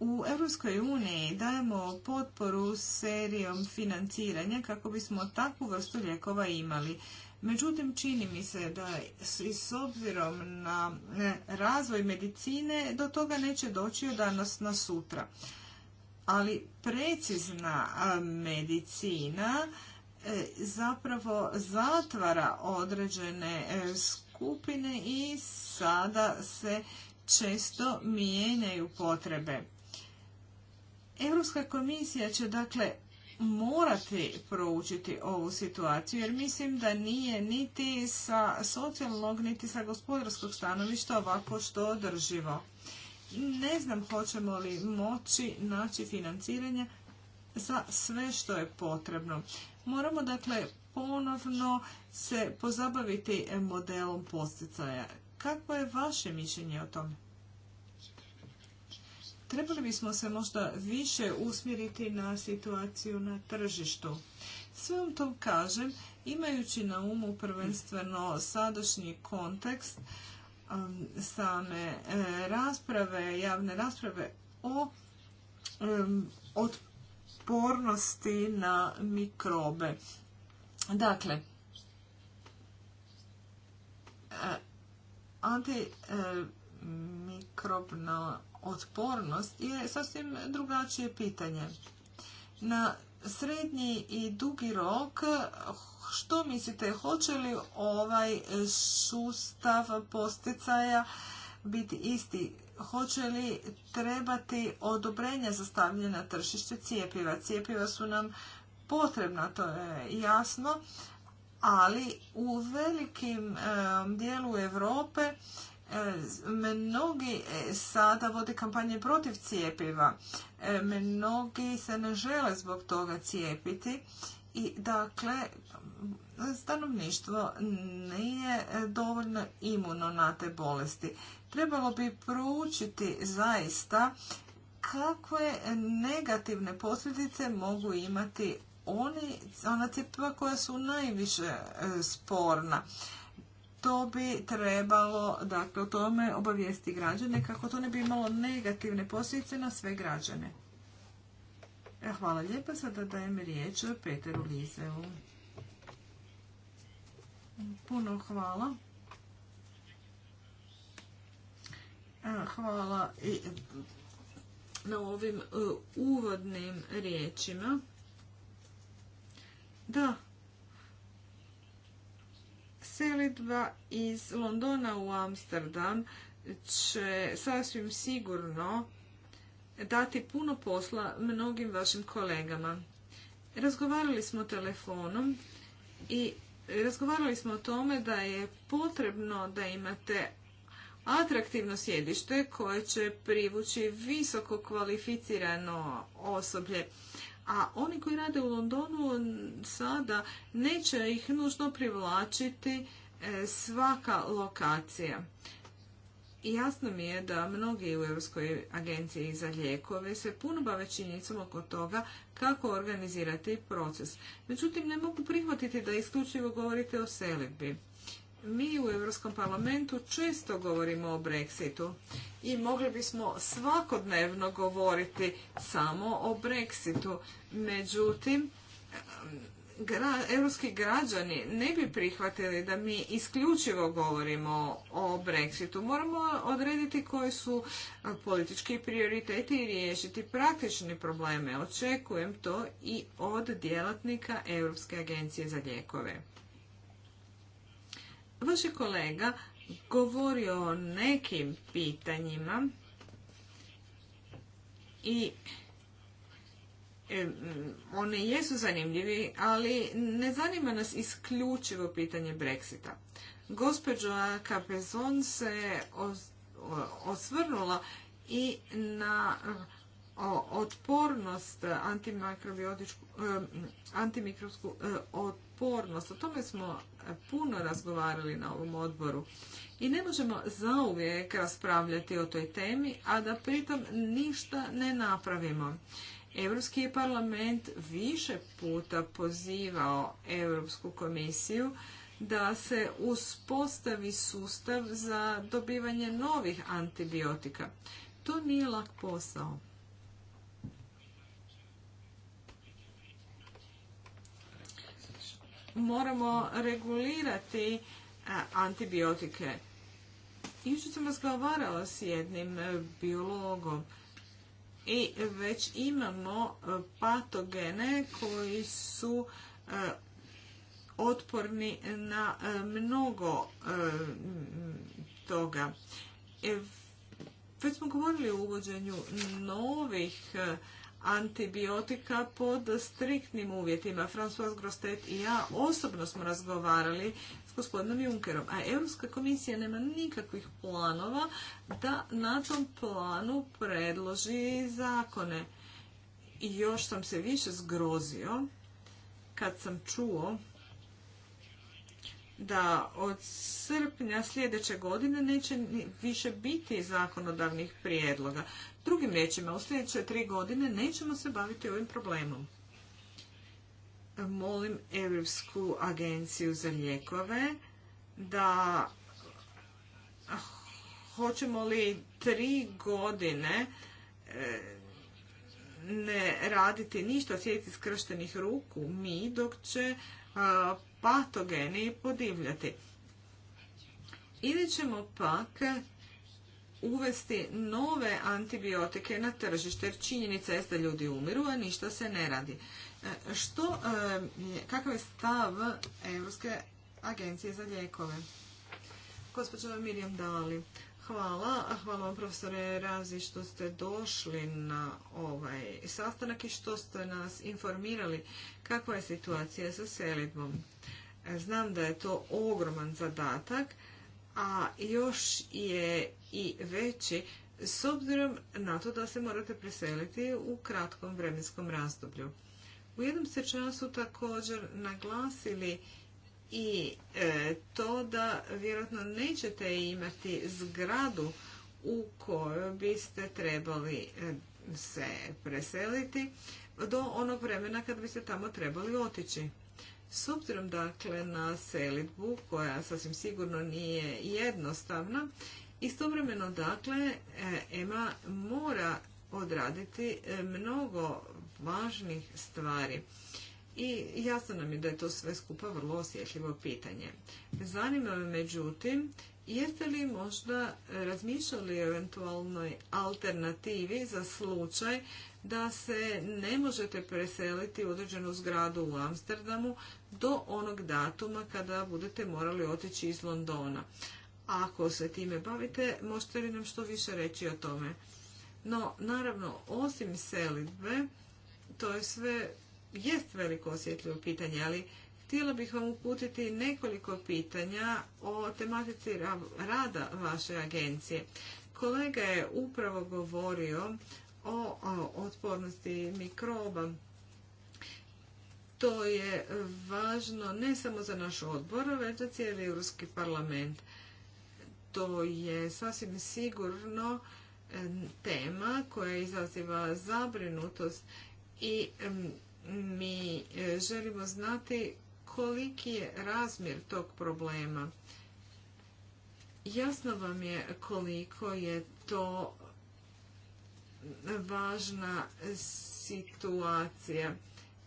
U Europskoj uniji dajemo potporu serijom financiranja kako bismo takvu vrstu lijekova imali. Međutim, čini mi se da s obzirom na e, razvoj medicine do toga neće doći od danas na sutra. Ali precizna medicina e, zapravo zatvara određene e, skupine i sada se često mijenjaju potrebe. Europska komisija će dakle morati proučiti ovu situaciju jer mislim da nije niti sa socijalnog niti sa gospodarskog stanovišta ovako što održivo. Ne znam hoćemo li moći naći financiranje za sve što je potrebno. Moramo dakle ponovno se pozabaviti modelom posticaja. Kako je vaše mišljenje o tome? Trebali bismo se možda više usmjeriti na situaciju na tržištu. Sve vam to kažem, imajući na umu prvenstveno sadašnji kontekst um, same e, rasprave, javne rasprave o um, otpornosti na mikrobe. Dakle, e, anti e, mikrobna otpornost je sasvim drugačije pitanje. Na srednji i dugi rok što mislite, hoće li ovaj sustav posticaja biti isti? Hoće li trebati odobrenja za stavljanje na tržište cijepiva? Cijepiva su nam potrebna, to je jasno, ali u velikim dijelu Europe E, mnogi e, sada vode kampanje protiv cijepiva. E, mnogi se ne žele zbog toga cijepiti i dakle stanovništvo nije dovoljno imuno na te bolesti. Trebalo bi proučiti zaista kakve negativne posljedice mogu imati oni, ona cjepiva koja su najviše sporna to bi trebalo, dakle, o tome obavijesti građane kako to ne bi imalo negativne posljedice na sve građane. E, hvala lijepa, sada dajem riječ Peteru Lizevu. Puno hvala. E, hvala i na ovim e, uvodnim riječima. Da, Selidba iz Londona u Amsterdam će sasvim sigurno dati puno posla mnogim vašim kolegama. Razgovarali smo telefonom i razgovarali smo o tome da je potrebno da imate atraktivno sjedište koje će privući visoko kvalificirano osoblje a oni koji rade u Londonu sada neće ih nužno privlačiti e, svaka lokacija. Jasno mi je da mnogi u Europskoj agenciji za lijekove se puno bave činjenicom oko toga kako organizirati proces. Međutim, ne mogu prihvatiti da isključivo govorite o selitbi. Mi u Europskom parlamentu često govorimo o Brexitu i mogli bismo svakodnevno govoriti samo o Brexitu. Međutim, gra, europski građani ne bi prihvatili da mi isključivo govorimo o Brexitu. Moramo odrediti koji su politički prioriteti i riješiti praktične probleme. Očekujem to i od djelatnika Europske agencije za lijekove. Vaš je kolega govorio o nekim pitanjima i one jesu zanimljivi, ali ne zanima nas isključivo pitanje Brexita. Gospođa Capezon se osvrnula i na otpornost, antimikrosku otpornost. O tome smo puno razgovarali na ovom odboru. I ne možemo zauvijek raspravljati o toj temi, a da pritom ništa ne napravimo. Europski je parlament više puta pozivao Europsku komisiju da se uspostavi sustav za dobivanje novih antibiotika. To nije lak posao. moramo regulirati e, antibiotike. Jučer sam razgovarala s jednim e, biologom i već imamo e, patogene koji su otporni na mnogo toga. Već smo govorili o uvođenju novih antibiotika pod striktnim uvjetima. François Grostet i ja osobno smo razgovarali s gospodinom Junkerom, a Europska komisija nema nikakvih planova da na tom planu predloži zakone. I još sam se više zgrozio kad sam čuo da od srpnja sljedeće godine neće više biti zakonodavnih prijedloga. Drugim riječima, u sljedeće tri godine nećemo se baviti ovim problemom. Molim Europsku agenciju za lijekove da hoćemo li tri godine e, ne raditi ništa sjediti skrštenih ruku mi dok će e, patogeni podivljati. Ili ćemo pak uvesti nove antibiotike na tržište, jer činjenica je da ljudi umiru, a ništa se ne radi. E, što, e, kakav je stav Europske agencije za lijekove? Gospođo Mirjam Dali, hvala. Hvala vam profesore Razi što ste došli na ovaj sastanak i što ste nas informirali kakva je situacija sa selidbom. E, znam da je to ogroman zadatak a još je i veći s obzirom na to da se morate preseliti u kratkom vremenskom razdoblju. U jednom se času također naglasili i e, to da vjerojatno nećete imati zgradu u kojoj biste trebali e, se preseliti do onog vremena kad biste tamo trebali otići. S obzirom dakle na selitbu koja sasvim sigurno nije jednostavna, istovremeno dakle e, EMA mora odraditi e, mnogo važnih stvari. I jasno nam je da je to sve skupa vrlo osjetljivo pitanje. Zanima me međutim, jeste li možda razmišljali o eventualnoj alternativi za slučaj da se ne možete preseliti u određenu zgradu u Amsterdamu do onog datuma kada budete morali otići iz Londona. Ako se time bavite, možete li nam što više reći o tome? No, naravno, osim selitbe, to je sve, jest veliko osjetljivo pitanje, ali htjela bih vam uputiti nekoliko pitanja o tematici rada vaše agencije. Kolega je upravo govorio o otpornosti mikroba. To je važno ne samo za naš odbor, već za cijeli Europski parlament. To je sasvim sigurno e, tema koja izaziva zabrinutost i mi e, želimo znati koliki je razmjer tog problema. Jasno vam je koliko je to važna situacija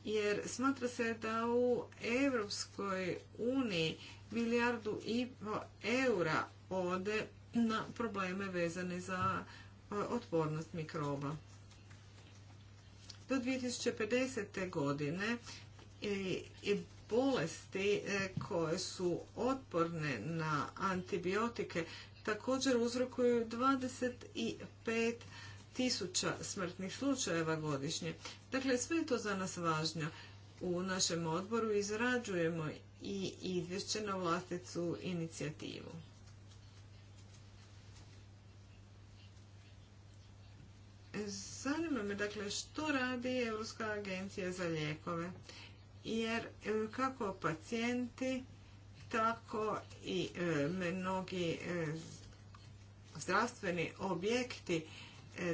jer smatra se da u Europskoj uniji milijardu i eura ode na probleme vezane za e, otpornost mikroba. Do 2050. godine i bolesti e, koje su otporne na antibiotike također uzrokuju 25 tisuća smrtnih slučajeva godišnje. Dakle, sve je to za nas važno. U našem odboru izrađujemo i izvješće na vlasticu inicijativu. Zanima me dakle što radi Europska agencija za lijekove jer e, kako pacijenti tako i e, mnogi e, zdravstveni objekti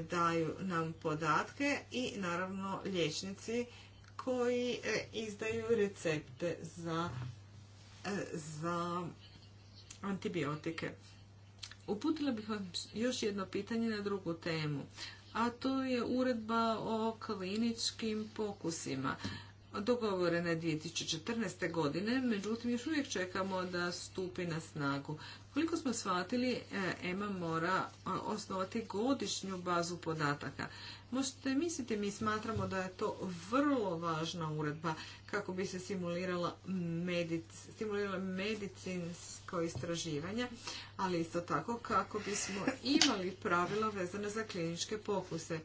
daju nam podatke i naravno liječnici koji e, izdaju recepte za, e, za antibiotike. Uputila bih vam još jedno pitanje na drugu temu, a to je uredba o kliničkim pokusima dogovorene 2014. godine, međutim još uvijek čekamo da stupi na snagu. Koliko smo shvatili, e, EMA mora e, osnovati godišnju bazu podataka. Možete misliti, mi smatramo da je to vrlo važna uredba kako bi se simulirala medicinsko istraživanje, ali isto tako kako bismo imali pravila vezane za kliničke pokuse.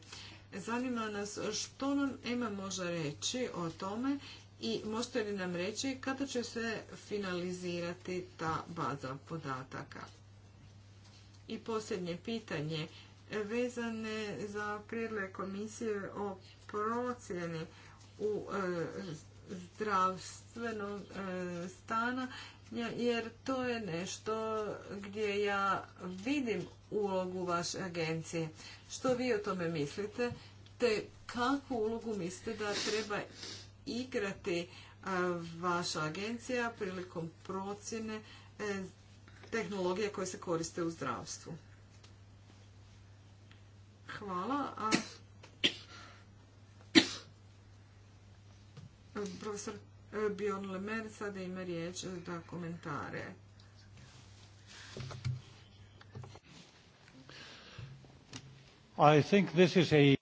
Zanima nas što nam EMA može reći o tome i možete li nam reći kada će se finalizirati ta baza podataka? I posljednje pitanje vezane za prijedlog komisije o procjeni u zdravstvenom zdravstvenog e, stana jer to je nešto gdje ja vidim ulogu vaše agencije. Što vi o tome mislite, te kakvu ulogu mislite da treba igrati vaša agencija prilikom procjene e, tehnologije koje se koriste u zdravstvu. Hvala. Profesor E, Bjorn Lemer sada ima riječ za komentare. I think this is a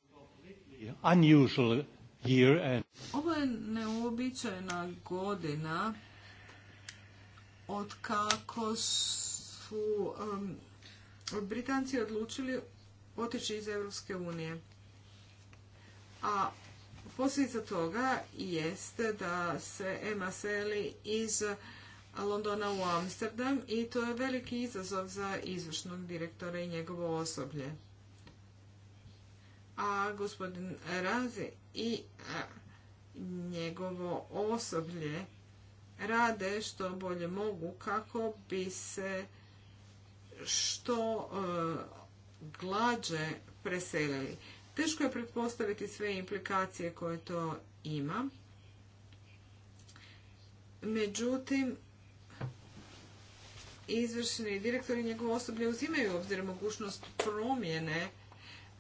unusual year and... Ovo je neobičajna godina od kako su um, Britanci odlučili otići iz Evropske unije. A Posljedica toga jeste da se Ema seli iz Londona u Amsterdam i to je veliki izazov za izvršnog direktora i njegovo osoblje. A gospodin Razi i njegovo osoblje rade što bolje mogu kako bi se što e, glađe preselili. Teško je pretpostaviti sve implikacije koje to ima. Međutim, izvršni direktor i njegovo osoblje uzimaju u obzir mogućnost promjene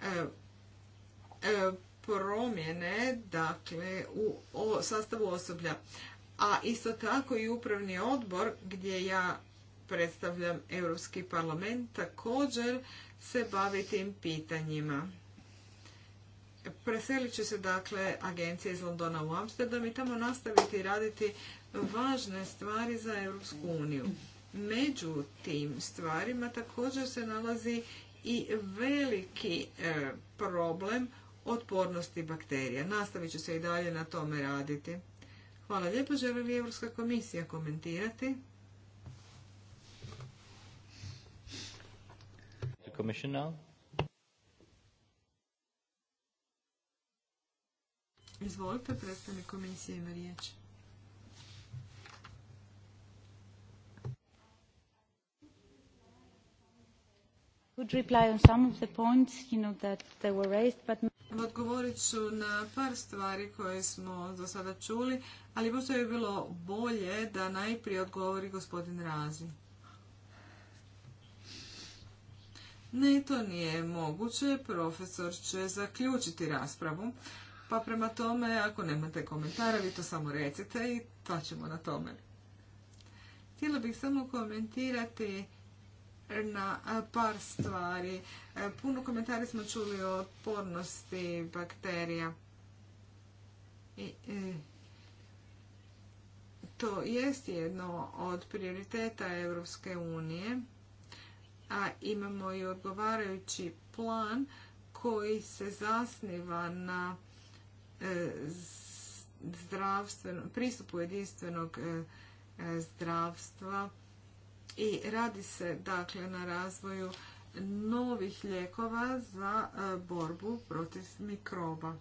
e, e, promjene dakle u o, sastavu osoblja. A isto tako i upravni odbor gdje ja predstavljam Europski parlament također se bavi tim pitanjima. Preselit će se dakle agencija iz Londona u Amsterdam i tamo nastaviti raditi važne stvari za Europsku uniju. Među tim stvarima također se nalazi i veliki e, problem otpornosti bakterija. Nastavit će se i dalje na tome raditi. Hvala lijepo. Želi li Europska komisija komentirati? The Izvolite, predstavnik komisije ima riječ. Odgovorit ću na par stvari koje smo do sada čuli, ali možda bi bilo bolje da najprije odgovori gospodin Razi. Ne, to nije moguće. Profesor će zaključiti raspravu. Pa prema tome, ako nemate komentara, vi to samo recite i to pa ćemo na tome. Htjela bih samo komentirati na par stvari. Puno komentari smo čuli o otpornosti bakterija. E, to jest jedno od prioriteta Europske unije, a imamo i odgovarajući plan koji se zasniva na zdravstveno, pristupu jedinstvenog e, e, zdravstva i radi se dakle na razvoju novih lijekova za e, borbu protiv mikroba.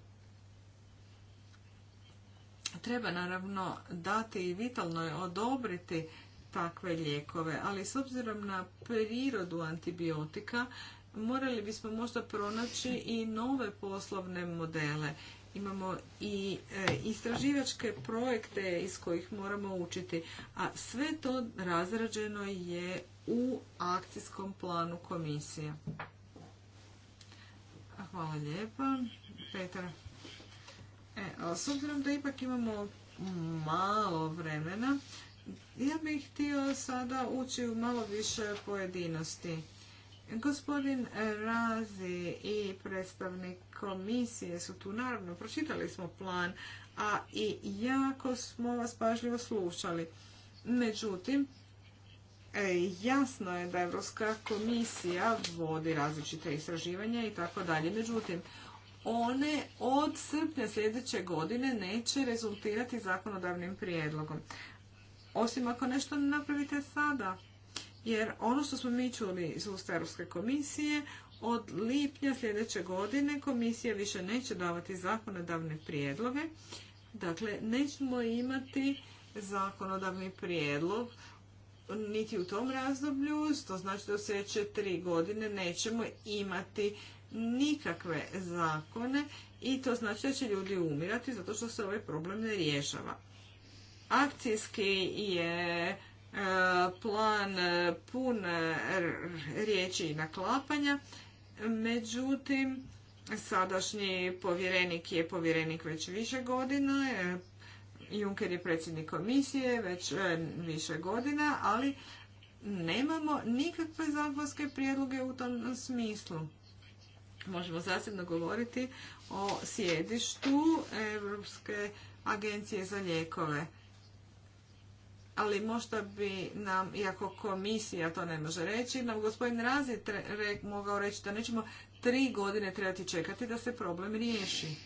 Treba naravno dati i vitalno je odobriti takve lijekove, ali s obzirom na prirodu antibiotika morali bismo možda pronaći i nove poslovne modele imamo i e, istraživačke projekte iz kojih moramo učiti, a sve to razrađeno je u akcijskom planu komisije. Hvala lijepa. Petra. E, s obzirom da ipak imamo malo vremena, ja bih htio sada ući u malo više pojedinosti. Gospodin Razi i predstavnik komisije su tu naravno, pročitali smo plan, a i jako smo vas pažljivo slušali. Međutim, e, jasno je da Evropska komisija vodi različite istraživanja i tako dalje. Međutim, one od srpnja sljedeće godine neće rezultirati zakonodavnim prijedlogom. Osim ako nešto ne napravite sada jer ono što smo mi čuli iz usta Europske komisije, od lipnja sljedeće godine komisija više neće davati zakonodavne prijedloge. Dakle, nećemo imati zakonodavni prijedlog niti u tom razdoblju, to znači da u sljedeće tri godine nećemo imati nikakve zakone i to znači da će ljudi umirati zato što se ovaj problem ne rješava. Akcijski je E, plan e, pun e, riječi i naklapanja. Međutim, sadašnji povjerenik je povjerenik već više godina. Juncker je predsjednik komisije već više godina, ali nemamo nikakve zakonske prijedloge u tom smislu. Možemo zasebno govoriti o sjedištu Europske agencije za lijekove ali možda bi nam, iako komisija to ne može reći, nam gospodin Razi mogao reći da nećemo tri godine trebati čekati da se problem riješi.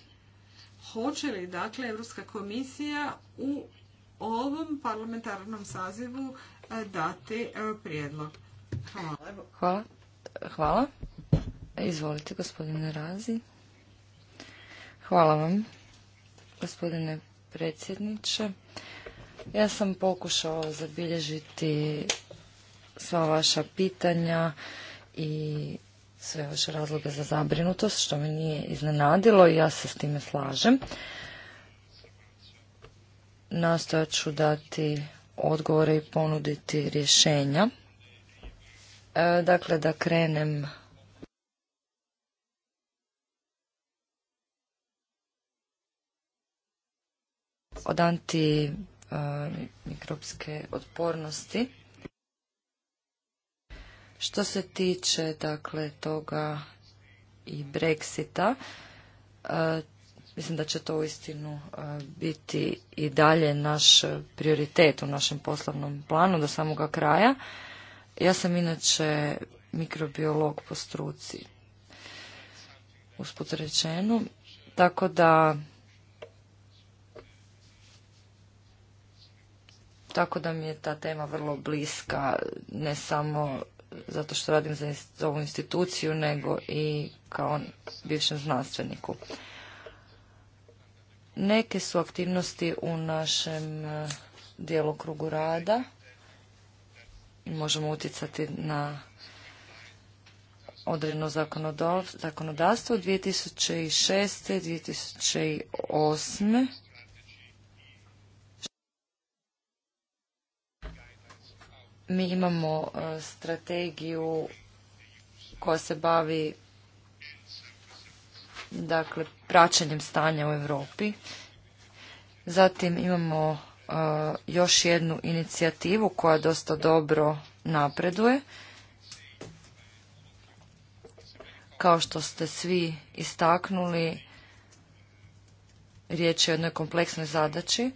Hoće li dakle Europska komisija u ovom parlamentarnom sazivu e, dati e, prijedlog? Hvala. Hvala. Hvala. Izvolite gospodine Razi. Hvala vam gospodine predsjedniče. Ja sam pokušao zabilježiti sva vaša pitanja i sve vaše razloge za zabrinutost, što me nije iznenadilo i ja se s time slažem. Nastojat ću dati odgovore i ponuditi rješenja. E, dakle, da krenem od E, mikropske otpornosti. Što se tiče dakle toga i Brexita, e, mislim da će to uistinu e, biti i dalje naš prioritet u našem poslovnom planu do samoga kraja. Ja sam inače mikrobiolog po struci usput rečeno, tako da tako da mi je ta tema vrlo bliska, ne samo zato što radim za ovu instituciju, nego i kao bivšem znanstveniku. Neke su aktivnosti u našem e, djelokrugu rada. Možemo utjecati na odredno zakonodavstvo 2006. 2008. Mi imamo e, strategiju koja se bavi dakle praćenjem stanja u Europi. Zatim imamo e, još jednu inicijativu koja dosta dobro napreduje. Kao što ste svi istaknuli, riječ je o jednoj kompleksnoj zadaći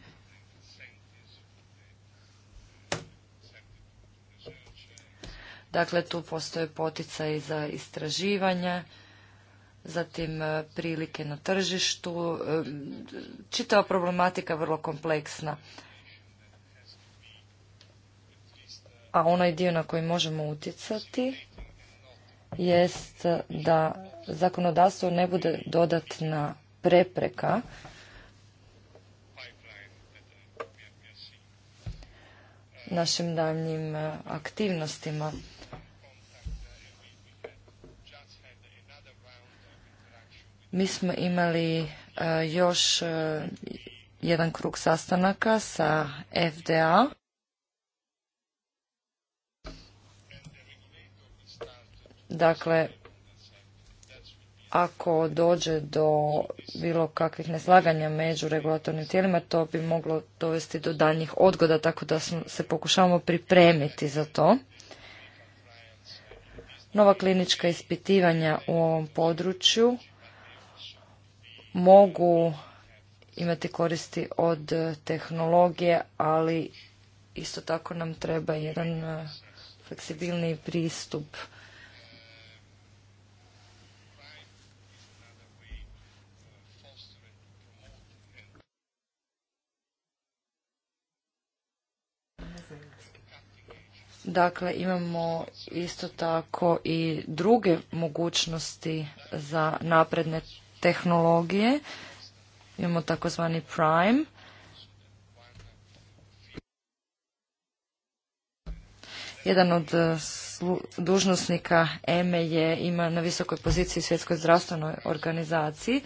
Dakle, tu postoje poticaj za istraživanje, zatim e, prilike na tržištu. E, čitava problematika je vrlo kompleksna. A onaj dio na koji možemo utjecati jest da zakonodavstvo ne bude dodatna prepreka našim daljnjim aktivnostima. Mi smo imali e, još e, jedan krug sastanaka sa FDA. Dakle, ako dođe do bilo kakvih neslaganja među regulatornim tijelima, to bi moglo dovesti do daljnjih odgoda, tako da se pokušavamo pripremiti za to. Nova klinička ispitivanja u ovom području mogu imati koristi od tehnologije, ali isto tako nam treba jedan e, fleksibilni pristup. Dakle, imamo isto tako i druge mogućnosti za napredne tehnologije. Imamo takozvani prime. Jedan od eh, dužnosnika EME je ima na visokoj poziciji Svjetskoj zdravstvenoj organizaciji,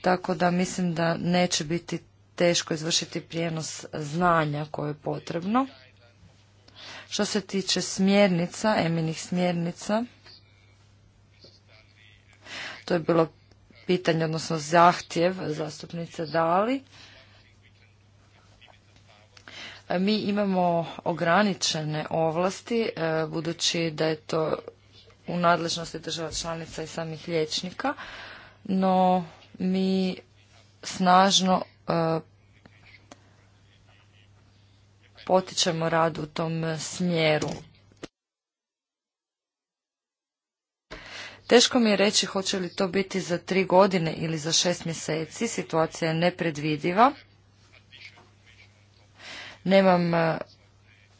tako da mislim da neće biti teško izvršiti prijenos znanja koje je potrebno. Što se tiče smjernica, eminih smjernica, to je bilo pitanje, odnosno zahtjev zastupnice Dali. Mi imamo ograničene ovlasti, e, budući da je to u nadležnosti država članica i samih liječnika, no mi snažno e, potičemo rad u tom smjeru Teško mi je reći hoće li to biti za tri godine ili za šest mjeseci. Situacija je nepredvidiva. Nemam e,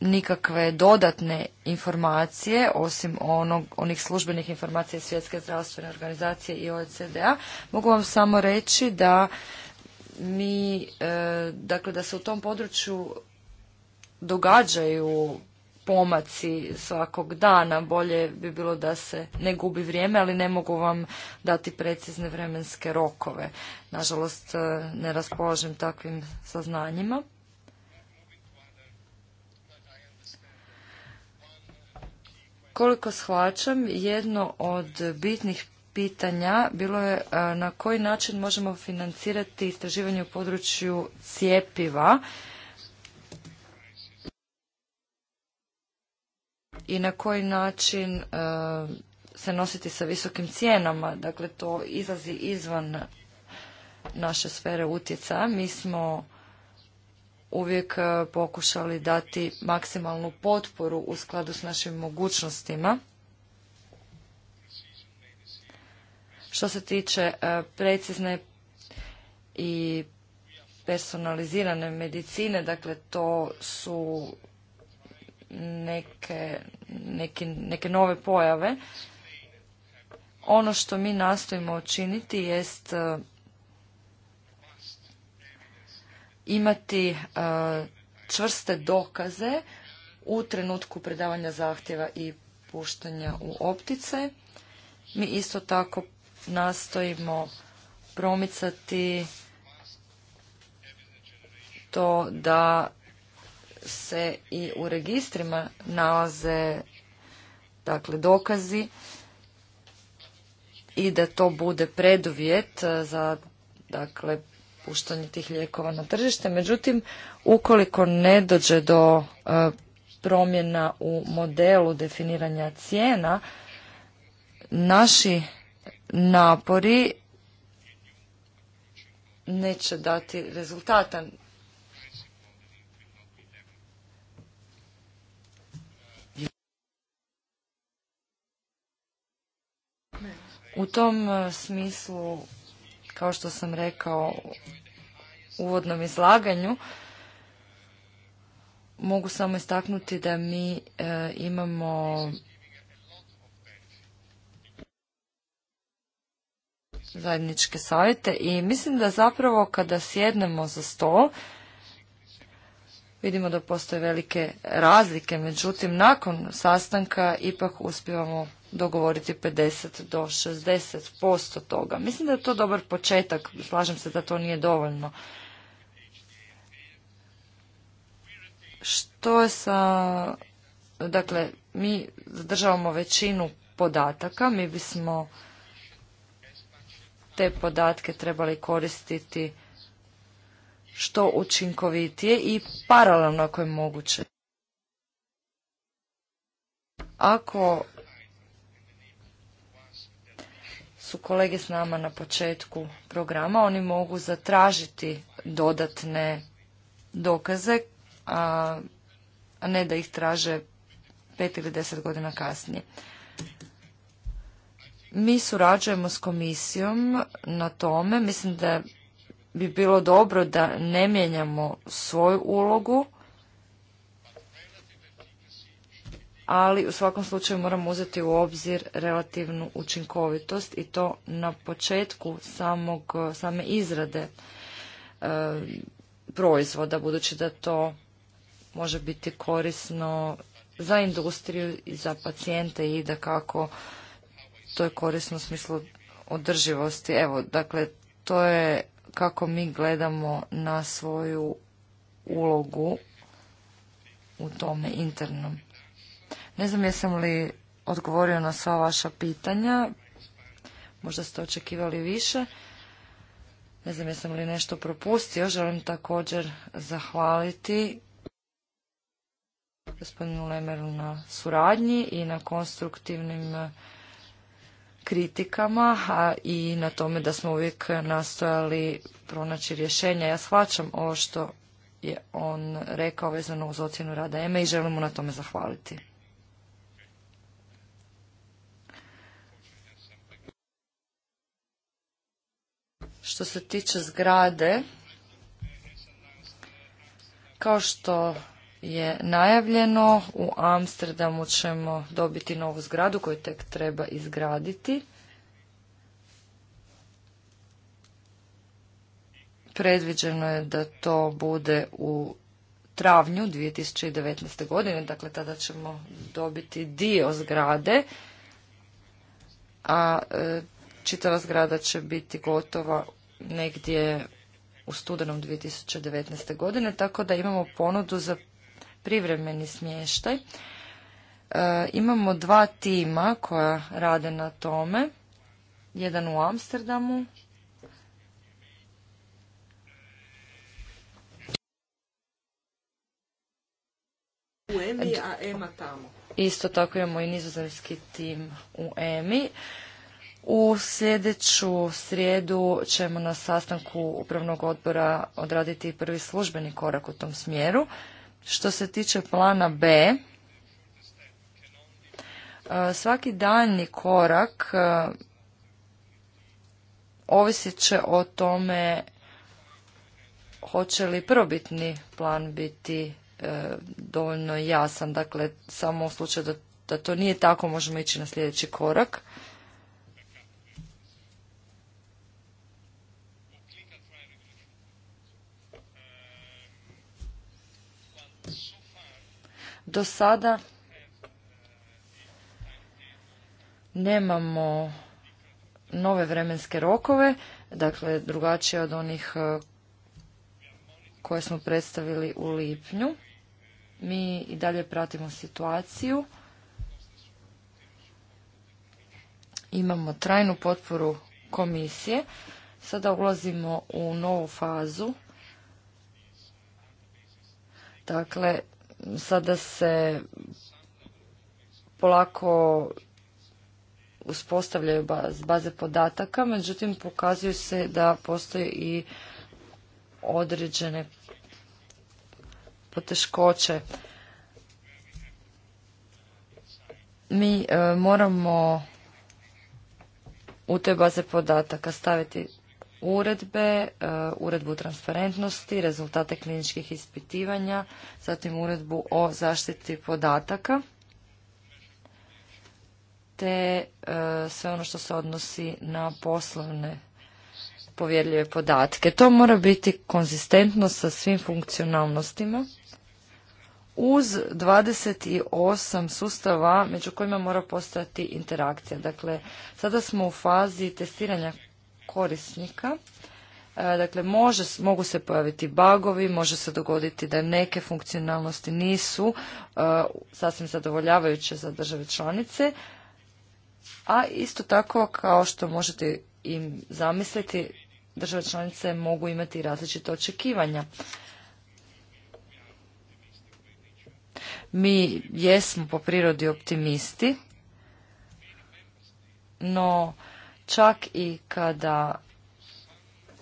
nikakve dodatne informacije osim onog, onih službenih informacija Svjetske zdravstvene organizacije i OECD-a. Mogu vam samo reći da mi, e, dakle da se u tom području događaju pomaci svakog dana. Bolje bi bilo da se ne gubi vrijeme, ali ne mogu vam dati precizne vremenske rokove. Nažalost, e, ne raspolažem takvim saznanjima. Koliko shvaćam, jedno od bitnih pitanja bilo je e, na koji način možemo financirati istraživanje u području cijepiva i na koji način e, se nositi sa visokim cijenama. Dakle, to izlazi izvan naše sfere utjecaja. Mi smo uvijek e, pokušali dati maksimalnu potporu u skladu s našim mogućnostima. Što se tiče e, precizne i personalizirane medicine, dakle to su neke, nove pojave. Ono što mi nastojimo učiniti jest e, imati e, čvrste dokaze u trenutku predavanja zahtjeva i puštanja u optice. Mi isto tako nastojimo promicati to da se i u registrima nalaze dakle dokazi i da to bude preduvjet e, za dakle puštanje tih lijekova na tržište. Međutim, ukoliko ne dođe do e, promjena u modelu definiranja cijena, naši napori neće dati rezultata. U tom e, smislu, kao što sam rekao u uvodnom izlaganju, mogu samo istaknuti da mi e, imamo zajedničke savjete i mislim da zapravo kada sjednemo za stol vidimo da postoje velike razlike, međutim nakon sastanka ipak uspijevamo dogovoriti 50 do 60 posto toga. Mislim da je to dobar početak, slažem se da to nije dovoljno. Što je sa... Dakle, mi zadržavamo većinu podataka, mi bismo te podatke trebali koristiti što učinkovitije i paralelno ako je moguće. Ako su kolege s nama na početku programa, oni mogu zatražiti dodatne dokaze, a ne da ih traže pet ili deset godina kasnije. Mi surađujemo s komisijom na tome. Mislim da bi bilo dobro da ne mijenjamo svoju ulogu ali u svakom slučaju moramo uzeti u obzir relativnu učinkovitost i to na početku samog, same izrade e, proizvoda, budući da to može biti korisno za industriju i za pacijente i da kako to je korisno u smislu održivosti. Evo, dakle, to je kako mi gledamo na svoju ulogu u tome internom. Ne znam jesam li odgovorio na sva vaša pitanja. Možda ste očekivali više. Ne znam jesam li nešto propustio. Želim također zahvaliti gospodinu Lemeru na suradnji i na konstruktivnim kritikama i na tome da smo uvijek nastojali pronaći rješenja. Ja shvaćam ovo što je on rekao vezano uz ocjenu rada EME i želim mu na tome zahvaliti. Što se tiče zgrade, kao što je najavljeno, u Amsterdamu ćemo dobiti novu zgradu koju tek treba izgraditi. Predviđeno je da to bude u travnju 2019. godine, dakle tada ćemo dobiti dio zgrade, a e, čitava zgrada će biti gotova negdje u studenom 2019. godine, tako da imamo ponudu za privremeni smještaj. E, imamo dva tima koja rade na tome. Jedan u Amsterdamu. a tamo. Isto tako imamo i nizozemski tim u EMI. U sljedeću srijedu ćemo na sastanku upravnog odbora odraditi prvi službeni korak u tom smjeru. Što se tiče plana B, e, svaki daljni korak e, ovisit će o tome hoće li probitni plan biti e, dovoljno jasan. Dakle, samo u slučaju da to nije tako možemo ići na sljedeći korak. Do sada nemamo nove vremenske rokove, dakle drugačije od onih e, koje smo predstavili u lipnju. Mi i dalje pratimo situaciju. Imamo trajnu potporu komisije. Sada ulazimo u novu fazu. Dakle, sada se polako uspostavljaju baze podataka, međutim pokazuju se da postoje i određene poteškoće. Mi e, moramo u te baze podataka staviti uredbe, e, uredbu o transparentnosti, rezultate kliničkih ispitivanja, zatim uredbu o zaštiti podataka, te e, sve ono što se odnosi na poslovne povjerljive podatke. To mora biti konzistentno sa svim funkcionalnostima uz 28 sustava među kojima mora postojati interakcija. Dakle, sada smo u fazi testiranja korisnika. E, dakle, može, mogu se pojaviti bagovi, može se dogoditi da neke funkcionalnosti nisu e, sasvim zadovoljavajuće za države članice, a isto tako kao što možete im zamisliti, države članice mogu imati različite očekivanja. Mi jesmo po prirodi optimisti, no Čak i kada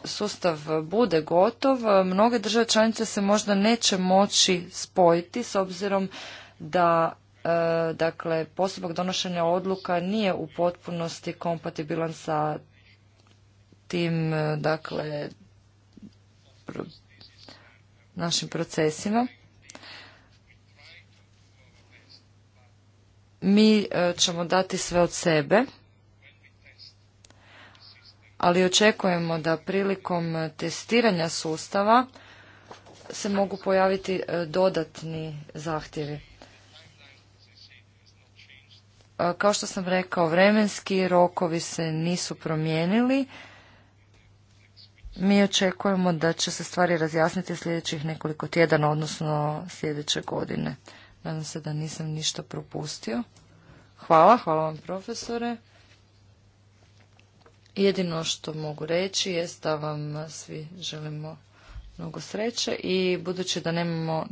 sustav bude gotov, mnoge države članice se možda neće moći spojiti s obzirom da e, dakle postupak donošenja odluka nije u potpunosti kompatibilan sa tim e, dakle našim procesima. Mi e, ćemo dati sve od sebe ali očekujemo da prilikom testiranja sustava se mogu pojaviti e, dodatni zahtjevi. E, kao što sam rekao, vremenski rokovi se nisu promijenili. Mi očekujemo da će se stvari razjasniti sljedećih nekoliko tjedana, odnosno sljedeće godine. Nadam se da nisam ništa propustio. Hvala, hvala vam profesore. Jedino što mogu reći je da vam svi želimo mnogo sreće i budući da nemamo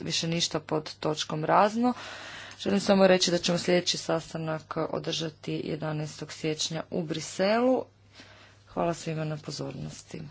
više ništa pod točkom razno, želim samo reći da ćemo sljedeći sastanak održati 11. siječnja u Briselu. Hvala svima na pozornosti.